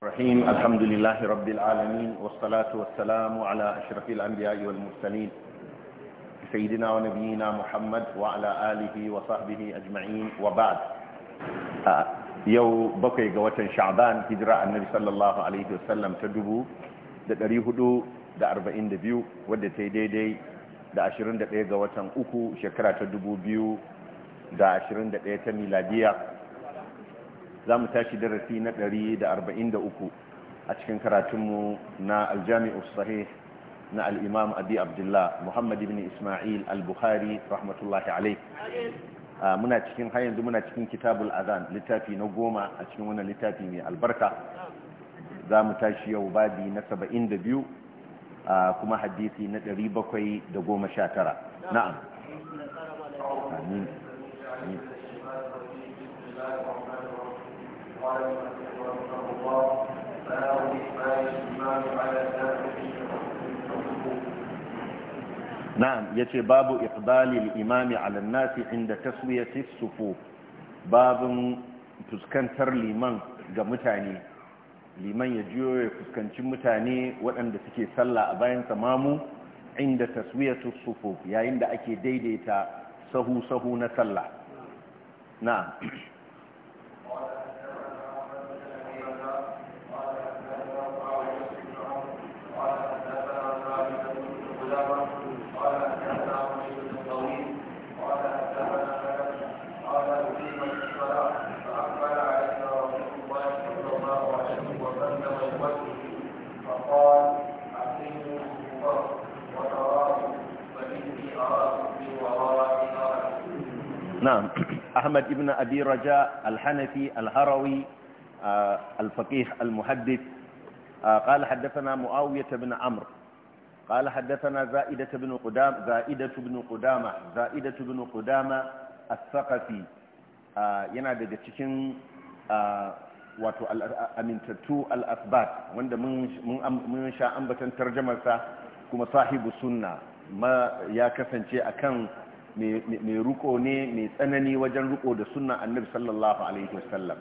الرحيم الحمد لله رب العالمين والصلاة والسلام على أشرف الأنبياء والمرسلين سيدنا ونبينا محمد وعلى آله وصحبه أجمعين وبعد يو بقي قوة شعبان هجرة النبي صلى الله عليه وسلم تدبو da ɗari hudu da arba'in da biyu wadda ta yi daidai da ashirin da ɗaya ga watan uku shekara ta dubu biyu da ashirin da ɗaya ta miladiya za mu tashi darasi na 143 a cikin karatunmu na aljami'ar sahih na al'imam abi abdullah muhammad ibn ismail al-bukhari rahmatullahi alai ah, muna cikin har yanzu muna cikin kitabul azan littafi na goma a cikin wani littafi mai albarka za mu tashi yau babi na 72 ah, kuma hadisi na 719 na'am amin na'am yace babu باب ما يجمع على نعم nasi inda إقبال الإمام على fuskantar liman ga mutane liman ya jiyo ya fuskanci mutane waɗanda suke sallah a bayan samamu inda taswiyatu sufuf yayin da ake daidaita sahu-sahu na sallah na ibn abi raja al-hanafi al-harawi al-faqih al-muhaddith قال حدثنا معاوية بن عمرو قال حدثنا زائدة بن قدام زائدة بن قدامة زائدة بن قدامة الثقفي yana daga cikin wato amintattu al wanda mun sha ambatan tarjamarsa kuma sahibu sunna ya kasance akan mai ruko ne mai tsanani wajen ruko da sunan annabi sallallahu alaihi wasallam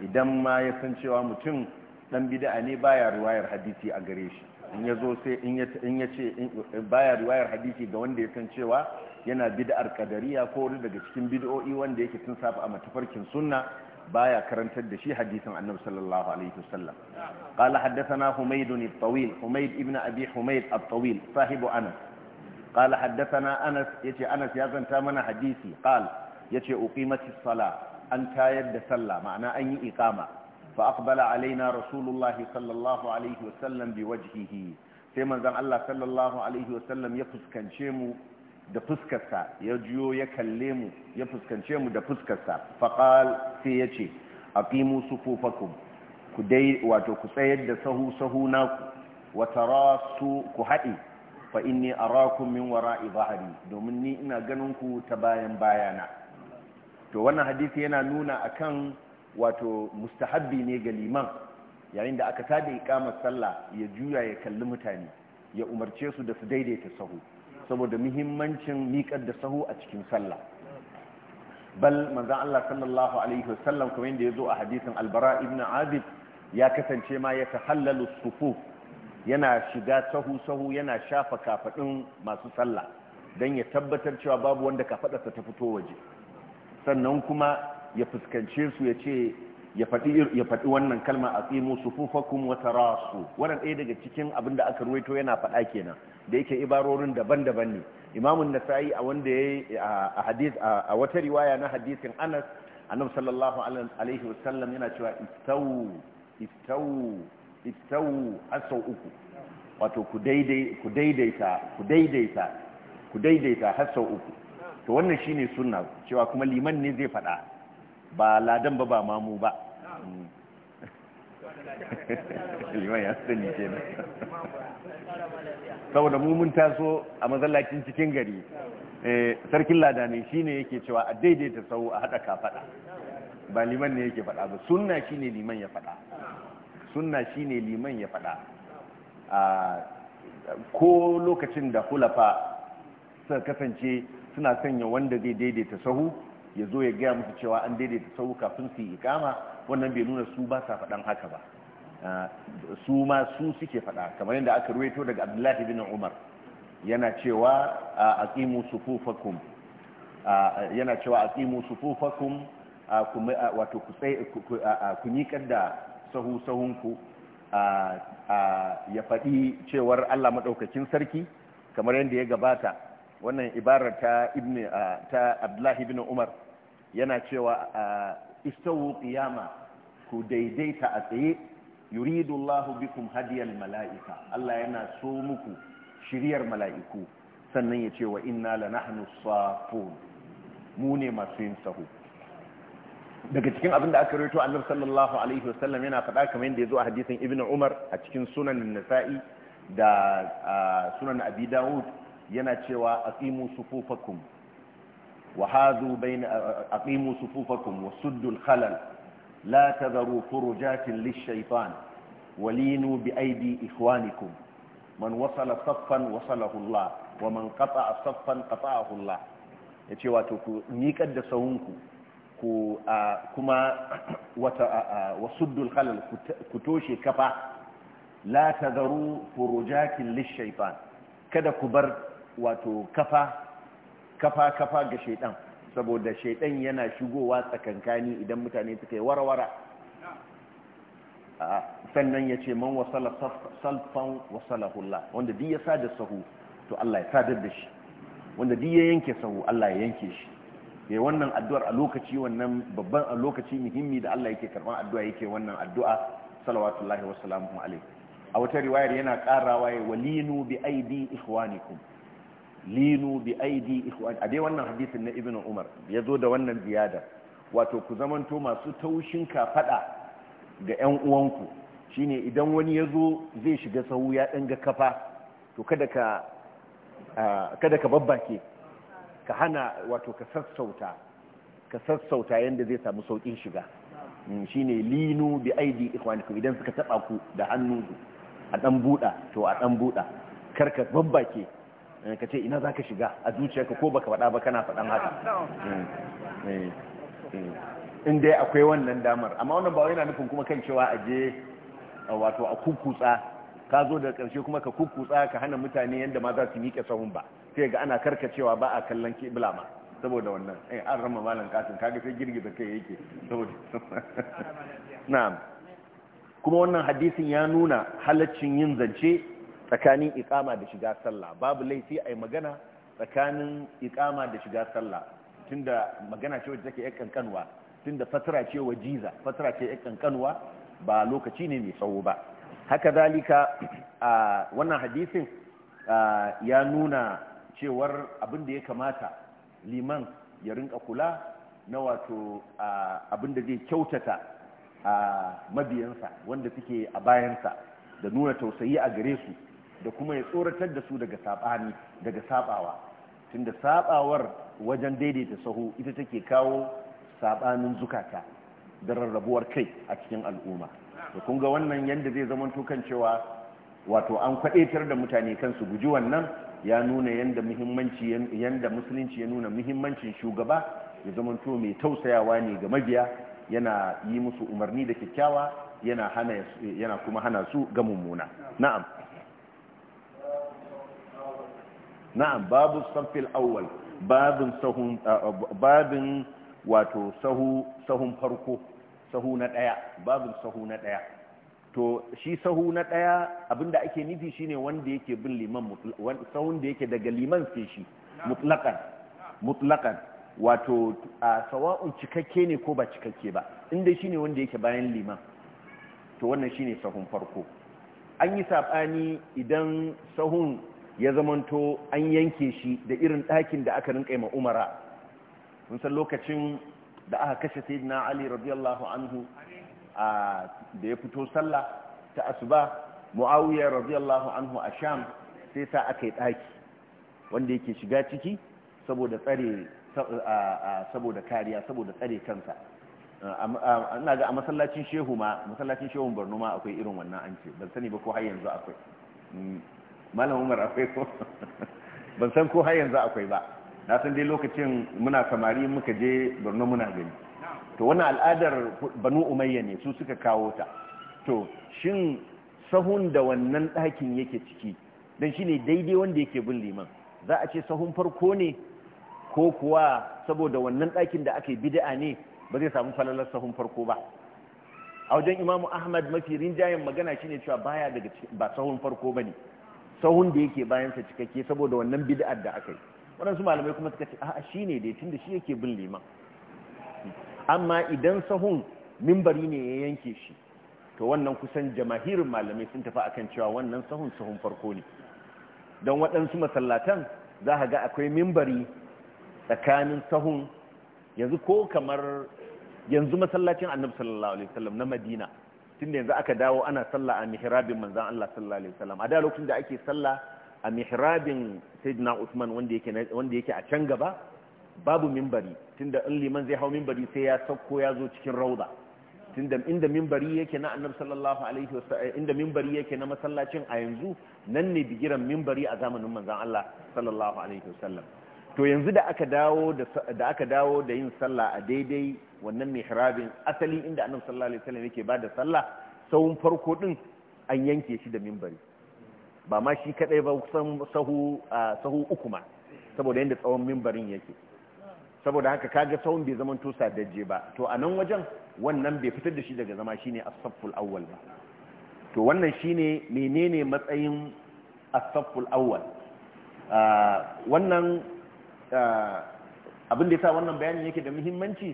idan ma ya san cewa mutum dan bid'a ne baya riwayar hadisi a gare shi in ya zo sai in ya ce baya riwayar hadisi ga wanda ya san cewa yana bid'ar kadariya ko wani daga cikin bid'o'i wanda yake tun safa a matafarkin sunna baya karantar da shi hadisin annabi sallallahu alaihi wasallam qala haddathana humayd ibn tawil humayd ibn abi humayd at-tawil sahibu anas قال حدثنا أنس يتي أنس يازن تامنا حديثي قال يتي أقيمت الصلاة أن تايد سلى معنى أي إقامة فأقبل علينا رسول الله صلى الله عليه وسلم بوجهه sai manzon Allah sallallahu alaihi wasallam ya fuskance mu da fuskarsa ya juyo ya kalle mu ya fuskance mu da fuskarsa faqal sai yace aqimu sufufakum ku dai wato ku tsayar da sahu sahu naku wa tarasu ku haɗe fa inni arakum min wara'i dhahri domin ni ina ganin ku ta bayan bayana to wannan hadisi yana nuna akan wato mustahabbi ne ga liman yayin da aka tada iqamar sallah ya juya ya kalli mutane ya umarce su da su daidaita sahu saboda muhimmancin miƙar da sahu a cikin sallah bal manzon Allah sallallahu alaihi wasallam kuma yadda yazo a hadisin albara ibn azib ya kasance ma ya tahallalu sufuf yana shiga sahu sahu yana shafa kafaɗin masu sallah don ya tabbatar cewa babu wanda kafadarsa ta fito waje sannan kuma ya fuskance su ya ce ya faɗi wannan kalma a tsimo su fufakun wata rasu wannan ɗaya daga cikin abin da aka ruwaito yana faɗa kenan da yake ibarorin daban-daban ne imamun nasa'i a wanda ya a wata riwaya na hadisin anas annabi sallallahu alaihi wasallam yana cewa istau istawu asau uku wato ku daidaita ku daidaita ku daidaita har sau uku to wannan shine sunna cewa kuma liman ne zai fada ba ladan ba ba mamu ba liman ya sani ke nan saboda mun taso a mazallacin cikin gari eh, sarkin lada ne shine yake cewa a daidaita sau a hada ka fada ba liman ne yake fada ba sunna shine liman ya fada sunna shine liman ya faɗa ko lokacin da hulafa suka kasance suna sanya wanda zai daidaita sahu ya zo ya gaya musu cewa an daidaita sahu kafin su yi kama wannan bai nuna su ba sa faɗan haka ba su ma su suke faɗa kamar yadda aka ruwaito daga abdullahi bin umar yana cewa a aqimu sufufakum yana cewa aqimu sufufakum wato ku yi kadda sahu sahunku ya faɗi cewar Allah maɗaukacin sarki kamar yadda ya gabata wannan ibarar ta ibn Abdullahi ibn Umar yana cewa istawu qiyama ku daidaita a tsaye yuridullahu bikum hadiyal mala'ika Allah yana so muku shiryar mala'iku sannan ya ce wa inna lanahnu safun mu ne masu yin sahu daga cikin abin da aka rito annabi sallallahu alaihi wasallam yana faɗa kamar yadda ya zo a hadisin ibn umar a cikin sunan nasa'i da sunan abi dawud yana cewa aqimu sufufakum wa hadu bayna aqimu sufufakum wa suddu al khalal la tadharu furujatin lish-shaytan walinu bi aidi ikhwanikum man wasala saffan wasalahu Allah wa man qata'a saffan qata'ahu Allah yace wato ku miƙar da sahunku ku kuma wata wasuddul khalal ku toshe kafa la tazaru furujakin lishaitan kada ku bar wato kafa kafa kafa ga shaiɗan saboda shaiɗan yana shigowa tsakankani idan mutane suka yi warwara sannan ya ce man wasala salfan wasalahullah wanda duk sadar sahu to Allah ya sadar da shi wanda duk yanke sahu Allah ya yanke shi ya wannan addu'ar a lokaci wannan babban a lokaci muhimmi da Allah yake karban addu'a yake wannan addu'a salawatullahi wa alaihi a wata riwayar yana karawa ya linu bi aidi ikhwanikum linu bi aidi ikhwan a dai wannan hadisin na ibnu umar ya zo da wannan ziyada wato ku zamanto masu taushin fada ga yan uwanku shine idan wani ya zo zai shiga sahu ya danga kafa to kada ka babbake ka hana wato ka sassauta ka sassauta yanda zai samu saukin shiga mm, Shi ne linu bi aidi ikwanikun idan suka taba ku da hannu a dan buda to a dan buda karka babbake eh, ka ce ina zaka shiga a zuciyarka ko baka faɗa ba kana faɗan haka mm, eh, eh. in dai akwai wannan damar amma wannan ba yana nufin kuma kan cewa a je wato a kukkutsa ka zo da ƙarshe kuma ka kukutsa ka hana mutane yadda ma za su miƙe sahun ba sai ga ana karkacewa ba a kallon kibla ma saboda wannan eh an rama malam kasin kaga sai girgiza kai yake saboda na'am kuma wannan hadisin ya nuna halaccin yin zance tsakanin iqama da shiga sallah babu laifi ai magana tsakanin iqama da shiga sallah tunda magana ce wacce take kankanwa tunda fatara ce wajiza fatara ce kankanwa ba lokaci ne mai tsawo ba haka a wannan hadisin ya nuna cewar abin da ya kamata liman ya rinka kula na wato abin da zai kyautata a mabiyansa wanda suke a bayansa da nuna tausayi a gare su da kuma ya tsoratar da su daga sabani daga sabawa tunda saɓawar wajen daidaita sahu ita take kawo saɓanin zukata da rarrabuwar kai a cikin al'umma da kun ga wannan yadda zai zama kan cewa wato an kwadaitar da mutane kansu guji wannan ya nuna yadda muhimmanci yadda musulunci ya nuna muhimmancin shugaba ya zama zamanto mai tausayawa ne ga mabiya yana yi musu umarni da kyakkyawa yana hana yana kuma hana su ga mummuna na'am na'am babu safil awwal babin sahun babin wato sahu sahun farko sahu na daya babin sahu na daya to shi sahu na ɗaya abinda ake nufi shine wanda yake bin liman sahun da yake daga liman sai shi mutlakan mutlakan wato a sawa'un cikakke ne ko ba cikakke ba inda shine wanda yake bayan liman to wannan shine sahun farko an yi saɓani idan sahun ya zamanto an yanke shi da irin ɗakin da aka rinƙa ma umara mun san lokacin da aka kashe sayyidina ali radiyallahu anhu da ya fito sallah ta asuba mu'awiyar radiyallahu anhu a sham sai sa aka yi ɗaki wanda yake shiga ciki saboda tsare saboda kariya saboda tsare kansa ina ga a masallacin shehu ma masallacin shehu borno ma akwai irin wannan an ce ban sani ba ko har yanzu akwai hmm. malam umar akwai ko ban san ko har yanzu akwai ba na san dai lokacin muna samari muka je borno muna gani to wani al'adar banu umayya ne su suka kawo ta to shin sahun da wannan ɗakin yake ciki don shi ne daidai wanda yake bin liman za a ce sahun farko ne ko kuwa saboda wannan ɗakin da aka yi bida'a ne ba zai samu falalar sahun farko ba a wajen imamu ahmad mafi rinjayen magana shine cewa baya daga ba sahun farko ba ne sahun da yake bayansa cikakke saboda wannan bida'ar da aka yi waɗansu malamai kuma suka ce a'a shine dai da shi yake bin liman amma idan sahun mimbari ne ya yanke shi to wannan kusan jamahirin malamai sun tafi akan cewa wannan sahun sahun farko ne don waɗansu masallatan za a ga akwai mimbari tsakanin sahun yanzu ko kamar yanzu masallacin annabi sallallahu alaihi wasallam na madina tunda yanzu aka dawo ana sallah a mihrabin manzan Allah sallallahu alaihi wasallam a da lokacin da ake sallah a mihrabin sayyidina Usman wanda yake a can gaba babu mimbari tunda in liman zai hau mimbari sai ya sauko ya zo cikin rauda tunda inda mimbari yake na annabi sallallahu alaihi wasallam eh, inda mimbari yake na masallacin a yanzu nan ne bigiran mimbari a zamanin manzon Allah sallallahu alaihi wasallam to yanzu da aka dawo da aka dawo da yin sallah a daidai wannan mihrabin asali inda annabi sallallahu alaihi wasallam yake bada sallah sauun farko din an yanke shi da mimbari ba ma shi kadai ba kusan sahu ah, sahu uku ma saboda yanda tsawon mimbarin yake saboda haka kaga tsawon bai zama tusa da je ba to a nan wajen wannan bai fitar da shi daga zama shine as awwal ba to wannan shine menene matsayin as-safful awwal ah, wannan ah, abin da yasa wannan bayanin yake da muhimmanci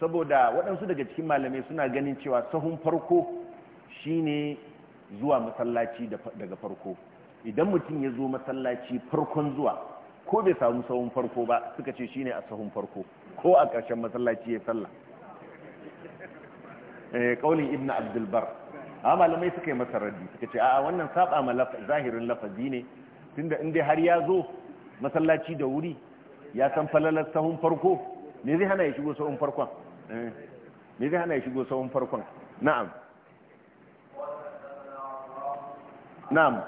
saboda waɗansu daga cikin malamai suna ganin cewa sahun farko shine zuwa masallaci daga farko idan mutum ya zo masallaci farkon zuwa ko bai samu sahun farko ba suka ce shine a sahun farko ko a ƙarshen masallaci ya sallah kaulin eh, ibn abdulbar a malamai suka yi masa raddi suka ce a wannan saba ma zahirin lafazi ne tunda inda har ya zo masallaci da wuri ya san falalar sahun farko me zai hana ya shigo sahun farkon eh, me zai hana ya shigo sahun farkon na'am na'am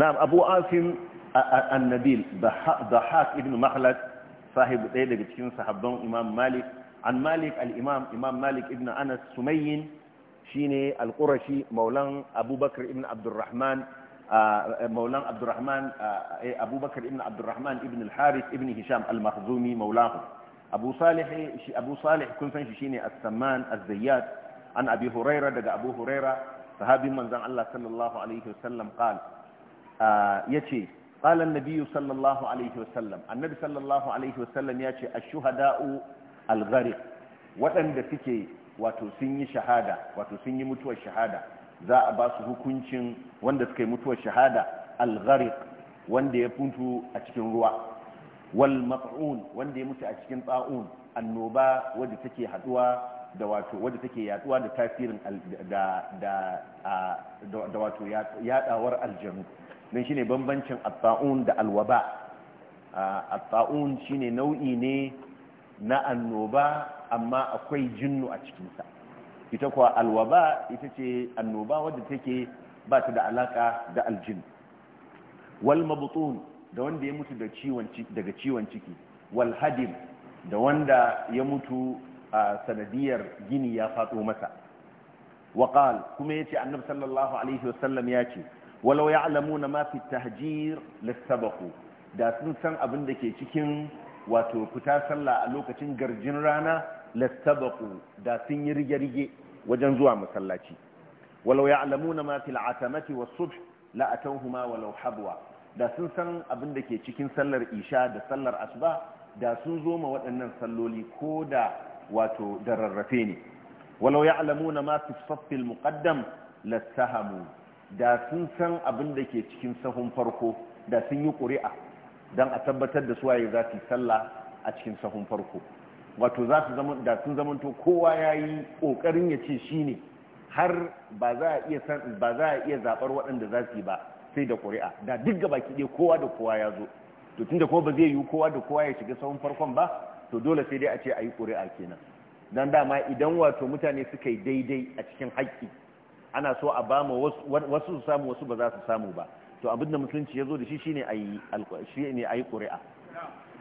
na'am abu asim annabil dhahak ibn mahlad sahibu ɗaya daga cikin sahabban imam malik an malik al-imam imam malik ibn anas sumayyin shine al-qurashi maulan abubakar ibn abdurrahman maulan abdurrahman eh, abubakar ibn abdurrahman ibn al-harith ibn hisham al-makhzumi maulahu abu salih shi kun san shi shine as-samman az-zayyad an abi huraira daga abu huraira sahabin manzon Allah sallallahu alaihi wasallam qala ya ce ƙalan nabiyu sallallahu alaihi wasallam annabi sallallahu alaihi wasallam ya ce a ashuhada'u algari waɗanda suke wato sun yi shahada wato sun yi mutuwar shahada za a ba su hukuncin wanda suka yi mutuwar shahada algari wanda ya mutu a cikin ruwa wal mat'un wanda ya mutu a cikin tsa'un annoba wadda take haduwa da wato wadda take yaduwa da tasirin da da da wato yadawar aljanu don ne bambancin atta'un da alwaba atta'un ne nau'i ne na annoba amma akwai jinnu a cikinsa ita kuwa alwaba ita ce annoba wadda take ba ta da alaka da aljin wal mabutun da wanda ya mutu daga ciwon ciki wal hadim da wanda ya mutu a sanadiyar gini ya faɗo masa waƙal kuma ya ce annabi sallallahu alaihi wasallam ya ce walau ya'lamuna ma fi tahjir lasabaqu da sun san abin da ke cikin wato fita sallah a lokacin garjin rana lasabaqu da sun yi rige-rige wajen zuwa masallaci walau ya'lamuna ma fil atamati was-subh la atawhuma walau habwa da sun san abin da ke cikin sallar isha da sallar asuba da sun zo ma waɗannan salloli ko da wato da rarrafe ne walau ya'lamuna ma fi saffil muqaddam lastahamu da sun san abin da ke cikin sahun farko da sun yi ƙuri'a don a tabbatar da suwaye za su yi sallah a cikin sahun farko wato za su zama da sun zamanto kowa ya yi ƙoƙarin ya ce shi ne har ba za a iya zaɓar waɗanda za su yi ba sai da ƙuri'a da duk gaba ɗaya kowa da kowa ya zo to tunda kuma ba zai yi kowa da kowa ya shiga sahun farkon ba to dole sai dai a ce a yi ƙuri'a kenan don dama idan wato mutane suka yi daidai a cikin haƙƙi ana so a bamu wasu su samu wasu ba za su samu ba to abinda musulunci ya zo da shi shine ayi shine ayi ƙuri'a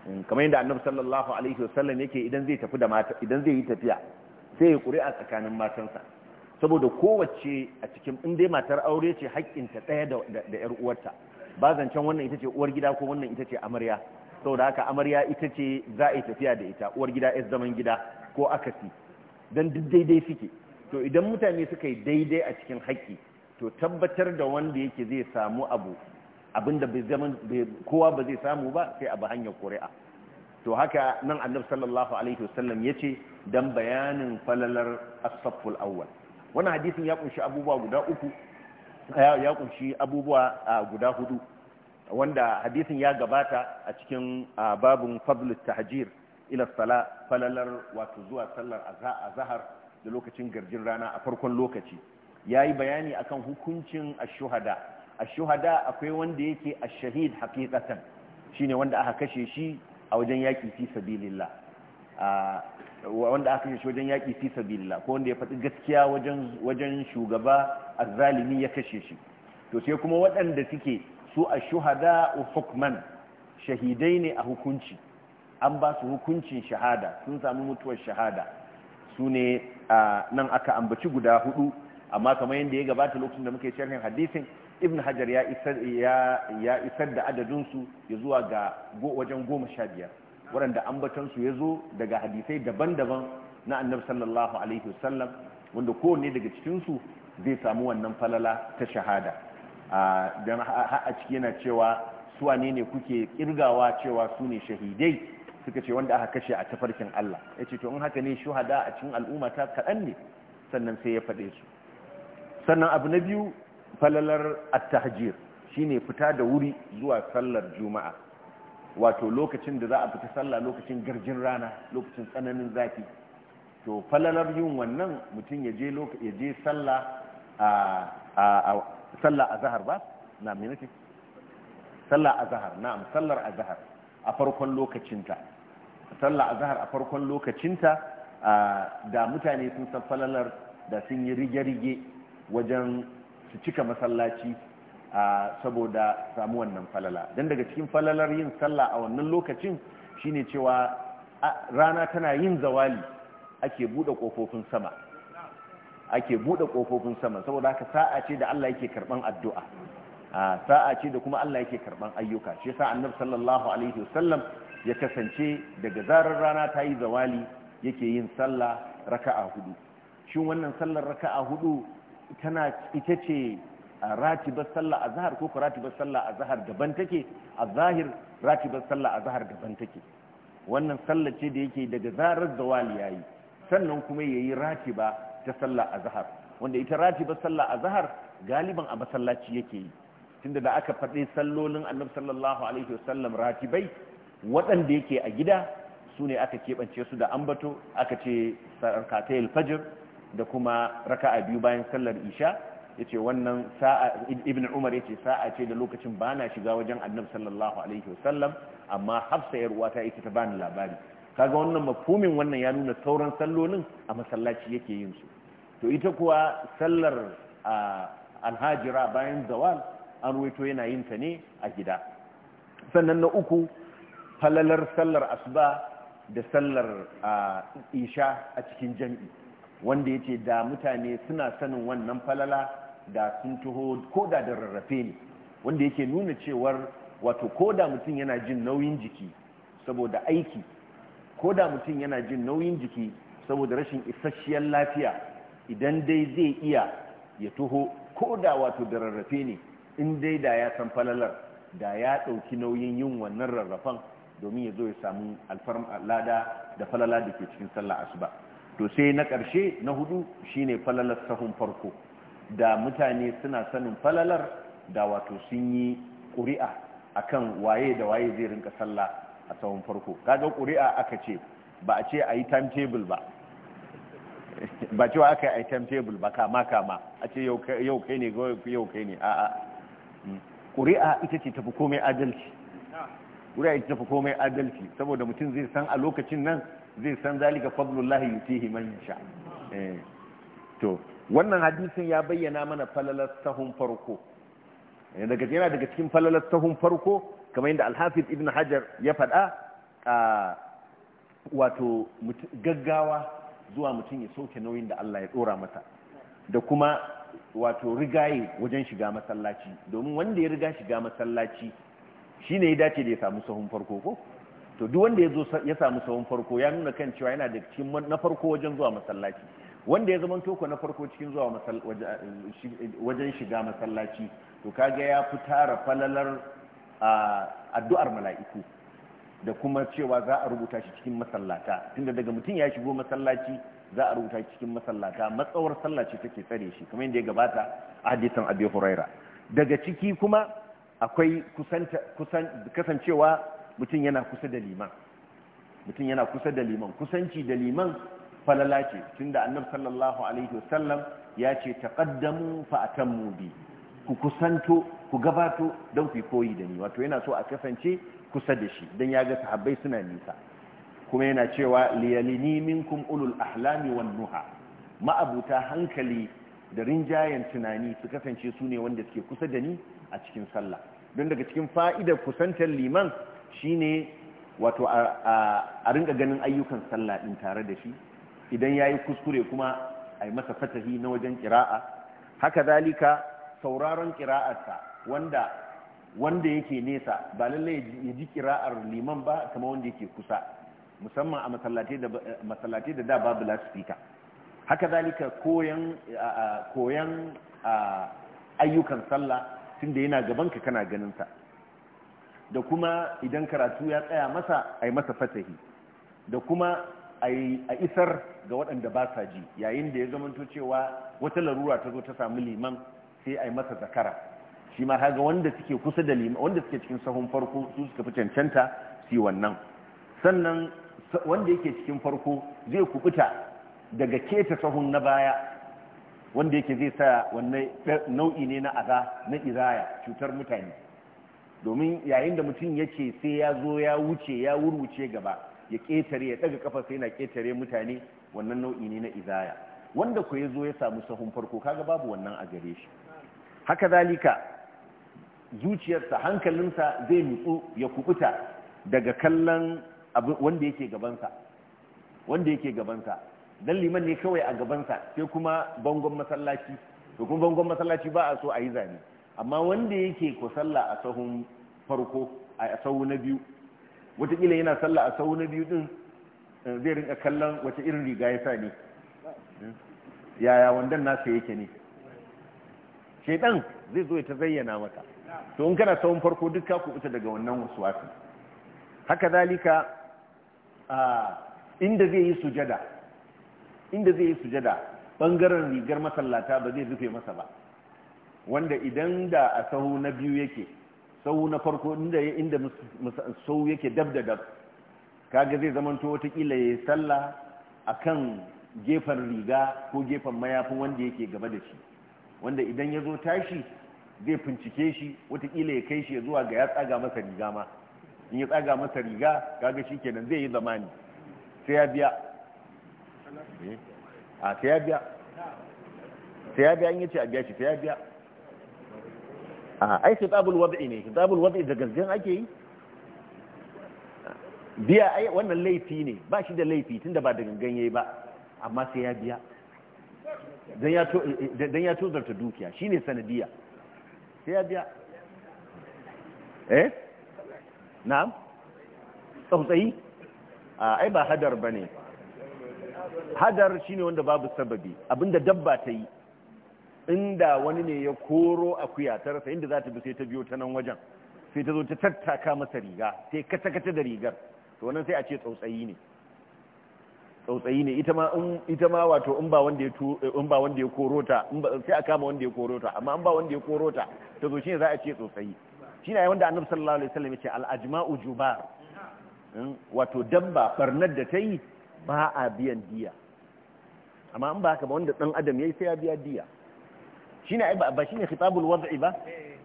mm, kamar yadda annabi sallallahu alaihi wasallam yake idan zai tafi da mata idan zai yi tafiya sai ya ƙuri'a tsakanin matansa saboda kowace a cikin in dai matar aure ce haƙƙinta ɗaya da ƴar uwarta ba zancen wannan ita ce uwar gida ko wannan ita ce amarya saboda haka amarya ita ce za a yi tafiya da ita uwar gida ya zaman gida ko akasi don duk daidai suke to idan mutane suka yi daidai a cikin haƙƙi to tabbatar da wanda yake zai samu abu abinda kowa ba zai samu ba sai abu hanyar ƙuri'a to haka nan annab sallallahu alaihi wasallam ya ce don bayanin falalar asafful awwal wannan hadisin ya kunshi abubuwa guda uku ya kunshi abubuwa guda hudu wanda hadisin ya gabata a cikin babun fadlul tahjir ila sala falalar wato zuwa sallar azhar da lokacin garjin rana a farkon lokaci ya yi bayani a kan hukuncin ashuhada ashuhada akwai wanda yake ashahid shi ne wanda aka kashe shi a wajen yaƙi fi sabilillah wanda aka kashe shi wajen yaƙi fi sabilillah ko wanda ya faɗi gaskiya wajen shugaba azzalimi ya kashe shi to sai kuma waɗanda suke su ashuhada hukman shahidai ne a hukunci an ba su hukuncin shahada sun sami mutuwar shahada su ne nan aka ambaci guda hudu amma kamar yadda ya gabata lokacin da muke yi hadisin ibn hajar ya isar da adadin su ya zuwa ga wajen goma sha biyar waɗanda ambatansu ya zo daga hadisai daban-daban na annabi sallallahu alaihi wasallam wanda kowanne daga cikin su zai samu wannan falala ta shahada don a ciki yana cewa su ne kuke kirgawa cewa su ne shahidai suka ce wanda aka kashe a tafarkin Allah ya ce to in haka ne shuhada a cikin al'umma ta kaɗan ne sannan sai ya faɗe su sannan abu na biyu falalar attahajir shine fita da wuri zuwa sallar juma'a wato lokacin da za a fita sallah lokacin garjin rana lokacin tsananin zafi to falalar yin wannan mutum ya je ya sallah a zahar ba na me nake a zahar na'am sallar azhar a farkon lokacinta sallah azhar a farkon lokacinta da mutane sun san falalar da sun yi rige-rige wajen su cika masallaci saboda samu wannan falala don daga cikin falalar yin sallah a wannan lokacin shine cewa rana tana yin zawali ake bude kofofin sama ake bude kofofin sama saboda haka sa'a ce da Allah yake karban addu'a sa'a ce da kuma Allah yake karban ayyuka shi yasa annabi sallallahu alaihi wasallam ya kasance daga zarar rana ta yi zawali yake yin sallah raka'a hudu shin wannan sallar raka'a hudu tana ita ce ratibar sallah azhar ko ratibar sallah azhar daban take a zahir ratibar sallah azhar daban take wannan sallar ce da yake daga zarar zawali yayi sannan kuma yayi ratiba ta sallah azhar wanda ita ratibar sallah azhar galiban a masallaci yake yi tunda da aka faɗi sallolin annabi sallallahu alaihi wasallam ratibai waɗanda yake a gida su ne aka keɓance su da ambato aka ce sarkatayil fajir da kuma raka'a biyu bayan sallar isha ce wannan sa'a ibn umar ya ce sa'a ce da lokacin ba na shiga wajen annabi sallallahu alaihi wasallam amma hafsa yar uwata ita ta bani labari kaga wannan mafumin wannan ya nuna sauran sallolin a masallaci yake yin su to ita kuwa sallar alhajira bayan zawal an ruwaito yana yin ta ne a gida sannan na uku falalar sallar asuba da sallar isha a cikin jam'i wanda ya ce da mutane suna sanin wannan falala da sun taho ko da da rarrafe ne wanda yake nuna cewar wato ko da mutum yana jin nauyin jiki saboda aiki ko da mutum yana jin nauyin jiki saboda rashin isasshiyar lafiya idan dai zai iya ya taho da wato da rarrafe ne in dai da ya san falalar da ya ɗauki nauyin yin wannan rarrafan domin ya zo ya samu alfarm lada da falala da ke cikin sallah asuba to sai na ƙarshe na hudu shine falalar sahun farko da mutane suna sanin falalar da wato sun yi ƙuri'a akan waye da waye zai rinka sallah a sahun farko kaga ƙuri'a aka ce ba a ce a yi timetable ba ba cewa aka yi timetable ba kama kama a ce yau kai ne yau kai ne a'a hmm. ƙuri'a ita ce tafi komai adalci wuri ya tafi komai adalci saboda mutum zai san a lokacin nan zai san zalika ya fi man sha. Eh. to wannan hadisin ya bayyana mana falalar sahun farko eh, daga yana daga cikin falalar sahun farko kamar yadda alhafiz ibn hajar ya faɗa a wato gaggawa zuwa mutum ya sauke nauyin da Allah ya tsora masa da kuma wato rigaye wajen shiga masallaci domin wanda ya riga shiga masallaci shi ne ya dace da ya samu sahun farko ko to duk wanda ya zo ya samu sahun farko ya nuna kan cewa yana da cikin na farko wajen zuwa masallaci wanda ya zama toko na farko cikin zuwa wajen shiga masallaci to kaga ya fi tara falalar addu'ar mala'iku da kuma cewa za a rubuta shi cikin masallata tunda daga mutum ya shigo masallaci za a rubuta cikin masallata matsawar sallaci take tsare shi kamar yadda ya gabata a hadisan abi huraira daga ciki kuma akwai kasancewa mutum yana kusa da liman mutum yana kusa da liman kusanci da liman falala ce tunda annabi sallallahu alaihi wasallam ya ce taqaddamu fa atammu bi ku kusanto ku gabato don ku koyi da ni wato yana so a kasance kusa da shi don ya ga sahabbai suna nisa kuma yana cewa liyalini minkum ulul ahlami wan nuha ma'abuta hankali da rinjayen tunani su kasance su ne wanda suke kusa da ni a cikin sallah don daga cikin fa'idar kusantar liman shi ne wato a rinka ganin ayyukan sallah ɗin tare da shi idan ya yi kuskure kuma a yi masa fatahi na wajen kira'a haka zalika sauraron kira'arsa wanda wanda yake nesa ba lallai ya ji kira'ar liman ba kama wanda yake kusa musamman a masallatai da da babu laspika haka zalika koyan ayyukan sallah tunda yana gabanka kana ganin sa da kuma idan karatu ya tsaya masa a yi masa fatahi da kuma a isar ga waɗanda ba sa ji yayin da ya zamanto cewa wata larura ta zo ta samu liman sai a yi masa zakara shi ma haga wanda suke kusa da liman wanda suke cikin sahun farko su suka fi cancanta su wannan sannan wanda yake cikin farko zai kubuta daga keta sahun na baya wanda yake zai sa wannan nau'i ne na aza na izaya cutar mutane domin yayin da mutum yake sai ya zo ya wuce ya wurwuce gaba ya ƙetare ya ɗaga ƙafa sai na ƙetare mutane wannan nau'i ne na izaya wanda ku ya zo ya samu sahun farko kaga babu wannan a gare shi haka zalika zuciyarsa hankalinsa zai nutsu ya kubuta daga kallon wanda yake gabansa dan liman ne kawai a gabansa sai kuma bangon masallaci to kuma bangon masallaci ba a so a yi zane amma wanda yake ko sallah a sahun farko a sahu na biyu wataƙila yana sallah a sahu na biyu din eh, zai rinka kallon wata irin riga ya sa ne yaya wandan nasa yake ne shaidan zai zo ya ta zayyana maka to in kana sahun farko duk ku kuɓuta daga wannan waswasi haka zalika ah, inda zai yi sujada inda zai yi sujada bangaren rigar masallata ba zai rufe masa ba wanda idan da a sahu na biyu yake sahu na farko inda inda sahu yake dab da dab kaga zai zamanto watakila ya yi a kan gefen riga ko gefen mayafin wanda yake gaba da shi wanda idan ya zo tashi zai fincike shi watakila ya kai shi ya zuwa ga ya tsaga masa riga ma in ya tsaga masa riga kaga shi kenan zai yi zamani sai ya biya Eh? a sai ya biya sai ya biya in yace a biya shi sai ya biya a ai kitabul wad'i ne kitabul wad'i da gaskiyan ake yi biya ai wannan laifi ne ba shi da laifi tunda ba da gangan yayi ba amma sai ya biya dan ya eh, tozarta dukiya shine sanadiya sai ya biya eh na'am tsautsayi ai ba hadar bane hadar shine wanda babu sababi abinda dabba ta yi inda wani ne ya koro akuya ta rasa inda za ta bi sai ta biyo ta nan wajen sai ta zo ta tattaka masa riga sai kata-kata da rigar to wannan sai a ce tsautsayi ne tsautsayi ne ita ma wato in ba wanda ya koro ta sai a kama wanda ya koro ta amma in ba wanda ya koro ta ta zo shi ne za a ce tsautsayi shi ne wanda annabi sallallahu alaihi wasallam ya ce al'ajma'u jubar hmm, wato dabba barnar da ta yi ba a biyan diya amma in ba haka ba wanda dan adam yayi sai ya biya diya shine ai ba shine khitabul wad'i ba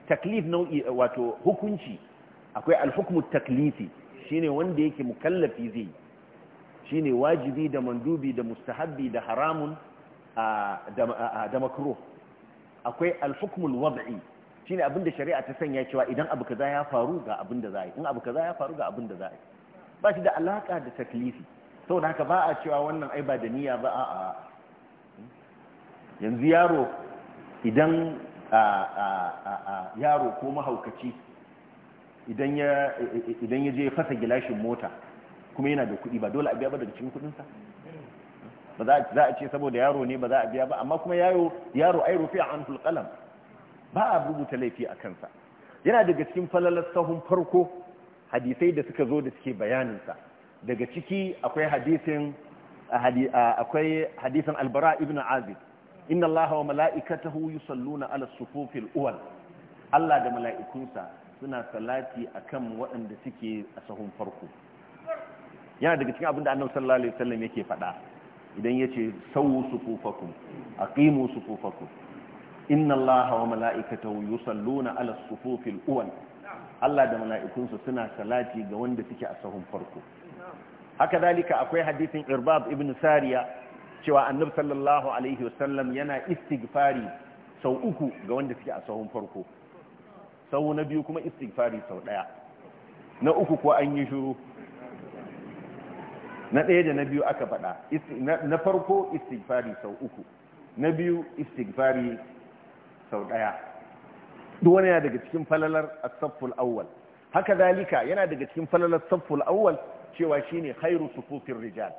taklif nau'i wato hukunci akwai al-hukmu taklifi shine wanda yake mukallafi zai shine wajibi da mandubi da mustahabbi da haramun da makruh akwai al-hukmul wad'i shine abinda shari'a ta sanya cewa idan abu kaza ya faru ga abinda za yi in abu kaza ya faru ga abinda za yi ba shi da alaka da taklifi sau da haka ba a cewa wannan ai ba da niyya ba a a yanzu yaro idan yaro ko mahaukaci idan ya je fasa gilashin mota kuma yana da kuɗi ba dole a biya ba daga cikin kuɗinsa ba za a ce saboda yaro ne ba za a biya ba amma kuma yaro ai rufi a antul kalam ba a rubuta laifi a kansa yana daga cikin falalar sahun farko hadisai da suka zo da suke bayanin sa. daga ciki akwai hadisin akwai hadisin albara ibn azib inna allaha wa mala'ikatahu yusalluna ala sufufil uwal Allah da mala'ikunsa suna salati akan waɗanda suke a sahun farko yana daga cikin abinda annabi sallallahu alaihi wasallam yake faɗa idan yace sawu sufufakum aqimu sufufakum inna allaha wa mala'ikatahu yusalluna ala sufufil uwal Allah da mala'ikunsa suna salati ga wanda suke a sahun farko haka zalika akwai hadisin irbab ibn sariya cewa annabi sallallahu alaihi wasallam yana istighfari sau uku ga wanda suke a sahun farko sau na biyu kuma istighfari sau daya na uku kuwa an yi shuru na ɗaya da na biyu aka faɗa na farko istighfari sau uku na biyu istighfari sau ɗaya duk yana daga cikin falalar asafful awwal haka dalika yana daga cikin falalar asafful awwal cewa shine khairu sufufin rijal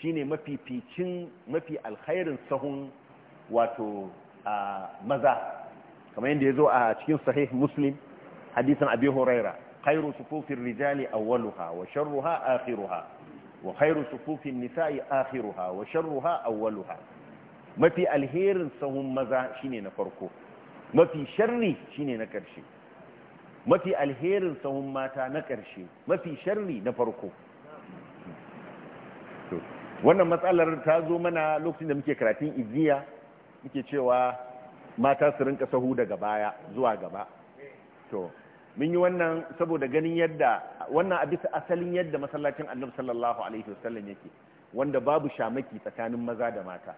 shine mafificin mafi alkhairin sahun wato maza kamar yadda ya zo a cikin sahih muslim hadisan abi huraira khairu sufufin rijali awwaluha wa sharruha akhiruha wa khairu sufufin nisa'i akhiruha wa sharruha awwaluha mafi alherin sahun maza shine na farko mafi sharri shine na karshe mafi alherin sahun mata na ƙarshe mafi sharri na farko wannan matsalar ta zo mana lokacin da muke karatun iziya muke cewa mata su rinka sahu daga baya zuwa gaba to mun yi wannan saboda ganin yadda wannan abisa asalin yadda masallacin annabi sallallahu alaihi wasallam yake wanda babu shamaki tsakanin maza da mata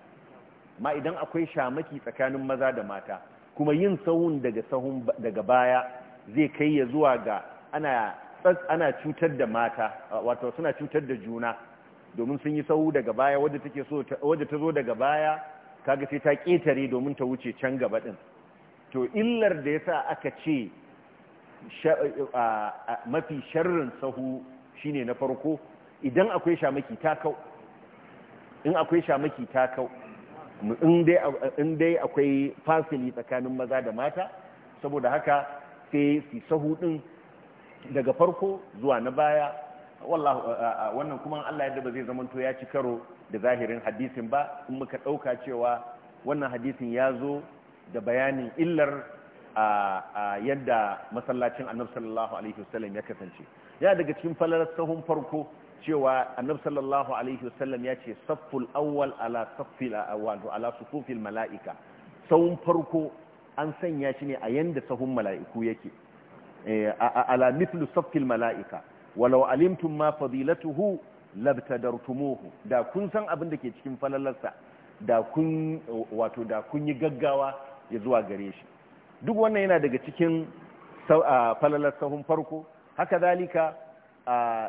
ma idan akwai shamaki tsakanin maza da mata kuma yin sahun sahun daga baya zai kai ya zuwa ga ana cutar da mata wato suna cutar da juna domin sun yi sau daga baya wadda ta zo daga baya kaga sai ta ƙetare domin ta wuce can gaba ɗin to illar da ya sa aka ce mafi sharrin sahu shine na farko idan akwai shamaki ta kau in akwai shamaki ta kau in dai akwai fasili tsakanin maza da mata saboda haka sai su sahu din daga farko zuwa na baya wannan kuma Allah ya ba zai zamanto ya ci karo da zahirin hadisin ba in muka ɗauka cewa wannan hadisin ya zo da bayanin illar yadda masallacin annab sallallahu alaihi wasallam ya kasance ya daga cikin falalar sahun farko cewa annab sallallahu alaihi wasallam ya ce safful awwal ala saffil awwal ala sufufil mala'ika sahun farko an sanya shi ne a yanda sahun mala'iku yake eh, ala mithlu saffil mala'ika walau alimtum ma fadilatuhu labtadartumuhu da kun san abin da ke cikin falalarsa da kun wato da kun yi gaggawa ya zuwa gare shi duk wannan yana daga cikin falalar sahun farko haka zalika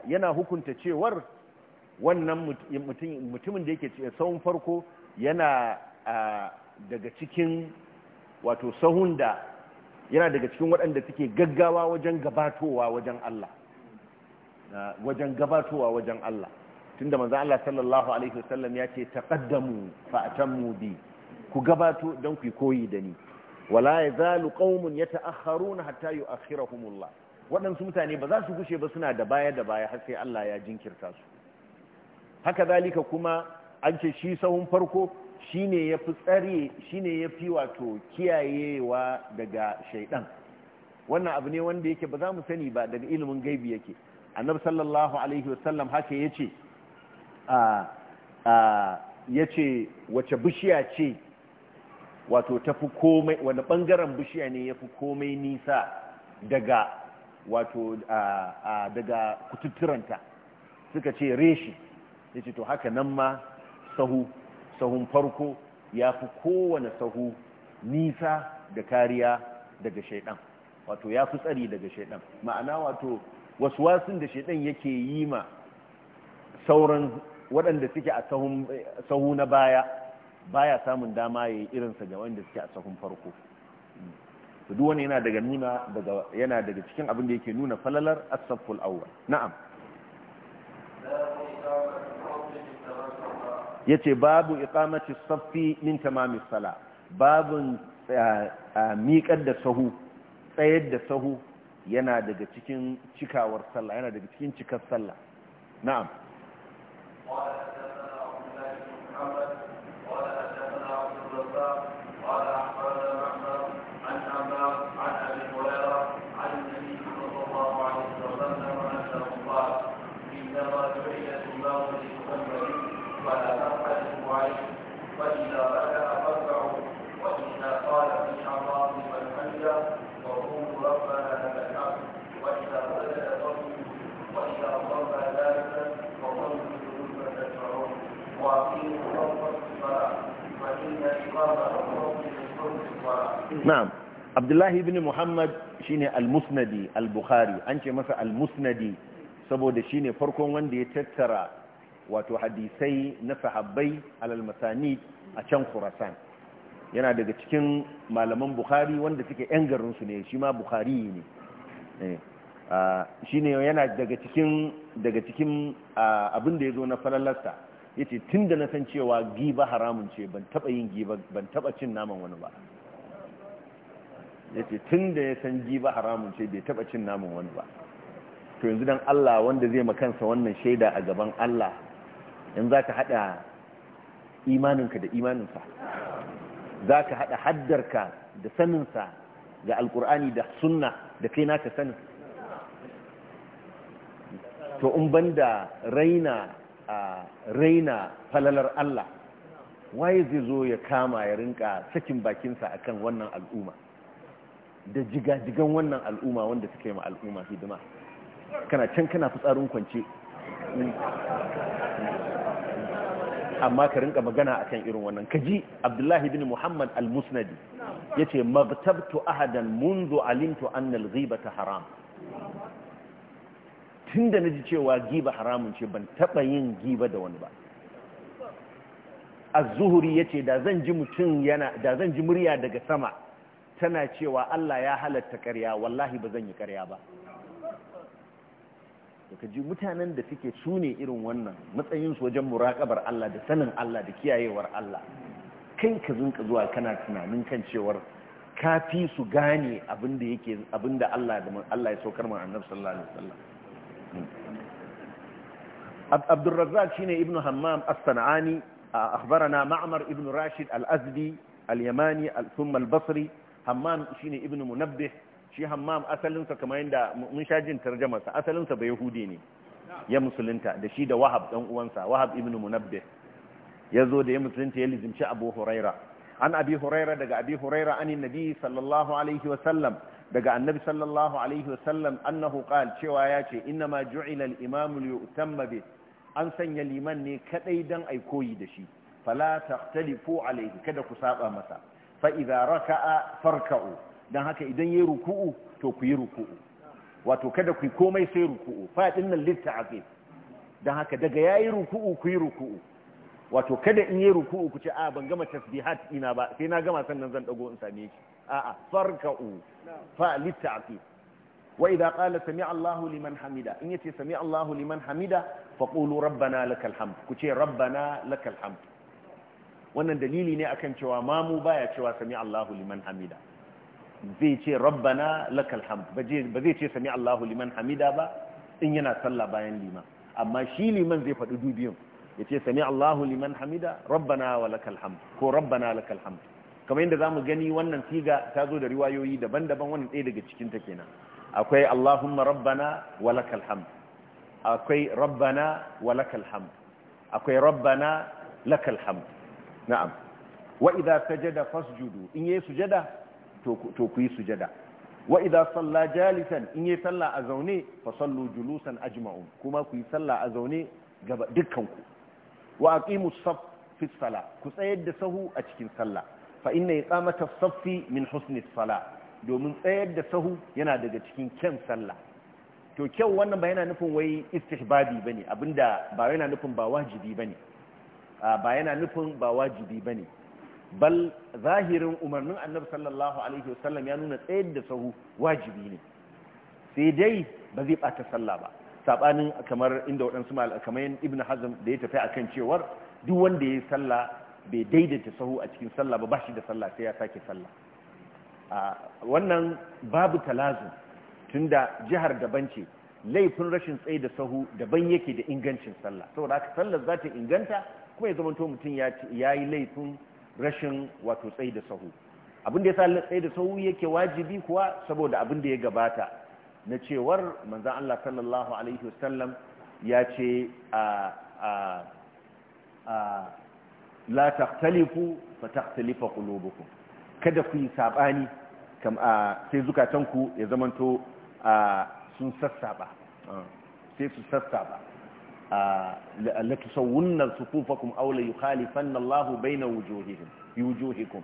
yana hukunta cewar wannan mutumin da yake sahun farko yana daga cikin wato sahun da yana daga cikin waɗanda suke gaggawa wajen gabatowa wajen Allah wajen gabatowa wajen Allah tunda manzo Allah sallallahu alaihi wasallam ya ce taqaddamu fa atammu bi ku gabato don ku koyi da ni wala yazalu qaumun yata'akharuna hatta yu'akhirahumullah waɗansu mutane ba za su gushe ba suna da baya da baya har sai Allah ya jinkirta su haka zalika kuma an ce shi sahun farko shine ya fi tsare shine ya fi wato kiyayewa daga shaidan wannan abu ne wanda yake ba za mu sani ba daga ilimin gaibi yake annab sallallahu alaihi wasallam haka ya ce ya ce wace bishiya ce wato ta fi komai wani ɓangaren bishiya ne ya fi komai nisa daga wato daga kututturanta suka ce reshi ya to haka nan ma sahu sahun farko ya fi kowane sahu nisa da kariya daga shaidan wato ya fi tsari daga shaidan ma'ana wato wasuwasin da shaidan yake yi ma sauran waɗanda suke a sahu na baya baya samun dama ya yi irinsa ga wanda suke a sahun farko duk wani yana daga nuna yana daga cikin abin da yake nuna falalar asaful awwal na'am ya ce babu iqamati saffi min tamami sala babun eh, eh, miƙar da sahu tsayar da sahu yana daga cikin cikawar sallah yana daga cikin cikar sallah na'am abdullahi ibn muhammad shine al-musnadi al-bukhari an ce masa al-musnadi saboda shine farkon wanda ya tattara wato hadisai na sahabbai alal masani a can khurasan yana daga cikin malaman bukhari wanda suke yan garin su ne shi ma bukhari ne eh, shine yana daga cikin daga cikin abin da yazo na falalarsa yace tunda na san cewa giba haramun ce ban taba yin giba ban taba cin naman wani ba ya ce tun da ya san giba haramun ce bai taba cin namun wani ba to yanzu don allah wanda zai makansa wannan shaida a gaban allah in za ka haɗa imaninka da imaninsa za ka haɗa haddarka da saninsa ga alkur'ani da sunna da kai naka sanin to in banda raina a raina falalar allah waye zai zo ya kama ya rinka sakin bakinsa akan wannan al'umma da jigajigan wannan al'umma wanda suka yi ma al'umma hidima kana can kana fitsarin kwance amma ka rinka magana akan irin wannan kaji abdullahi bin muhammad al-musnadi yace magtabtu ahadan منذ alimtu annal al-ghibata haram tunda naji cewa giba haramun ce ban taba yin giba da wani ba az-zuhri yace da da zan ji murya daga sama tana cewa Allah ya halatta ƙarya wallahi ba zan yi ƙarya ba ka ji mutanen da suke su ne irin wannan matsayinsu wajen muraƙabar Allah da sanin Allah da kiyayewar Allah kai ka zunka zuwa kana tunanin kan cewar ka fi su gane abinda yake abinda Allah da Allah ya saukar mu annabi sallallahu alaihi wasallam Abdul Razzaq shine Ibn Hammam As-Sanani akhbarana Ma'mar Ibn Rashid Al-Azdi Al-Yamani thumma Al-Basri hammam shine Ibn Munabbe shi hammam asalinsa kamar yadda mun sha jin tarjamarsa asalinsa ba yahudi ne ya musulunta da shi da wahab dan uwansa wahab Ibn Munabbe ya zo da ya musulunta ya lizimci abu huraira an abi huraira daga abi huraira anin nabi sallallahu alaihi wa sallam daga annabi sallallahu alaihi wa sallam annahu qal cewa ya ce inna ma ju'ila al imam li yutamma bi an sanya liman ne kadai dan ai koyi da shi fala tahtalifu alaihi kada ku saba masa fa'iza a farka'u don haka idan ya ruku'u to ku yi ruku'u wato kada ku yi komai sai ruku'u faɗin nan litta abe don haka daga ya yi ruku'u ku yi ruku'u wato kada in yi ruku'u ku ce a ban gama tasbihat ina ba sai na gama sannan zan dago in same shi a'a farka'u fa litta abe wa idza qala sami Allahu liman hamida in yace sami Allahu liman hamida faqulu rabbana lakal hamd ku ce rabbana lakal hamd wannan dalili ne akan cewa mamu baya cewa sami Allahu liman hamida zai ce rabbana lakal hamd ba zai ce sami Allahu liman hamida ba in yana sallah bayan liman amma shi liman zai faɗi dubiyun ya ce sami Allahu liman hamida rabbana wa lakal hamd ko rabbana lakal hamd kamar yadda zamu gani wannan siga ta zo da riwayoyi daban-daban wannan ɗaya daga cikin ta kenan akwai Allahumma rabbana wa lakal hamd akwai rabbana wa lakal hamd akwai rabbana lakal hamd na'am wa idza sajada fasjudu in yayi sujada to to ku yi sujada wa idza salla jalisan in yayi salla a zaune fa sallu julusan ajma'un kuma ku yi salla a zaune gaba dukkan ku wa aqimu saf fi salla ku tsayar da sahu a cikin salla fa inna iqamata saffi min husni salla domin tsayar da sahu yana daga cikin kyan salla to kyau wannan ba yana nufin wai istihbabi bane abinda ba yana nufin ba wajibi bane ba yana nufin ba wajibi ba ne bal zahirin umarnin annabi sallallahu alaihi wasallam ya nuna tsayar da sahu wajibi ne sai dai ba zai bata sallah ba sabanin kamar inda waɗansu kamar ibn hazm da ya tafi akan cewar duk wanda ya yi sallah bai daidaita sahu a cikin sallah ba bashi da sallah sai ya sake sallah wannan babu talazum tunda jihar daban ce laifin rashin tsayi da sahu daban yake da ingancin sallah saboda haka sallar za ta inganta kuma ya zamanto mutum ya yi laifin rashin wato tsayi da sahu abin da ya sa tsayi da sahu yake wajibi kuwa saboda abin da ya gabata na cewar manzan Allah sallallahu alaihi wasallam ya ce a la taktalifu fa taktalifa qulubukum kada ku yi saɓani sai zukatanku ya zamanto sun sassaɓa sai su sassaɓa. la tusawwunna sufufakum aw la yukhalifanna Allah baina wujuhikum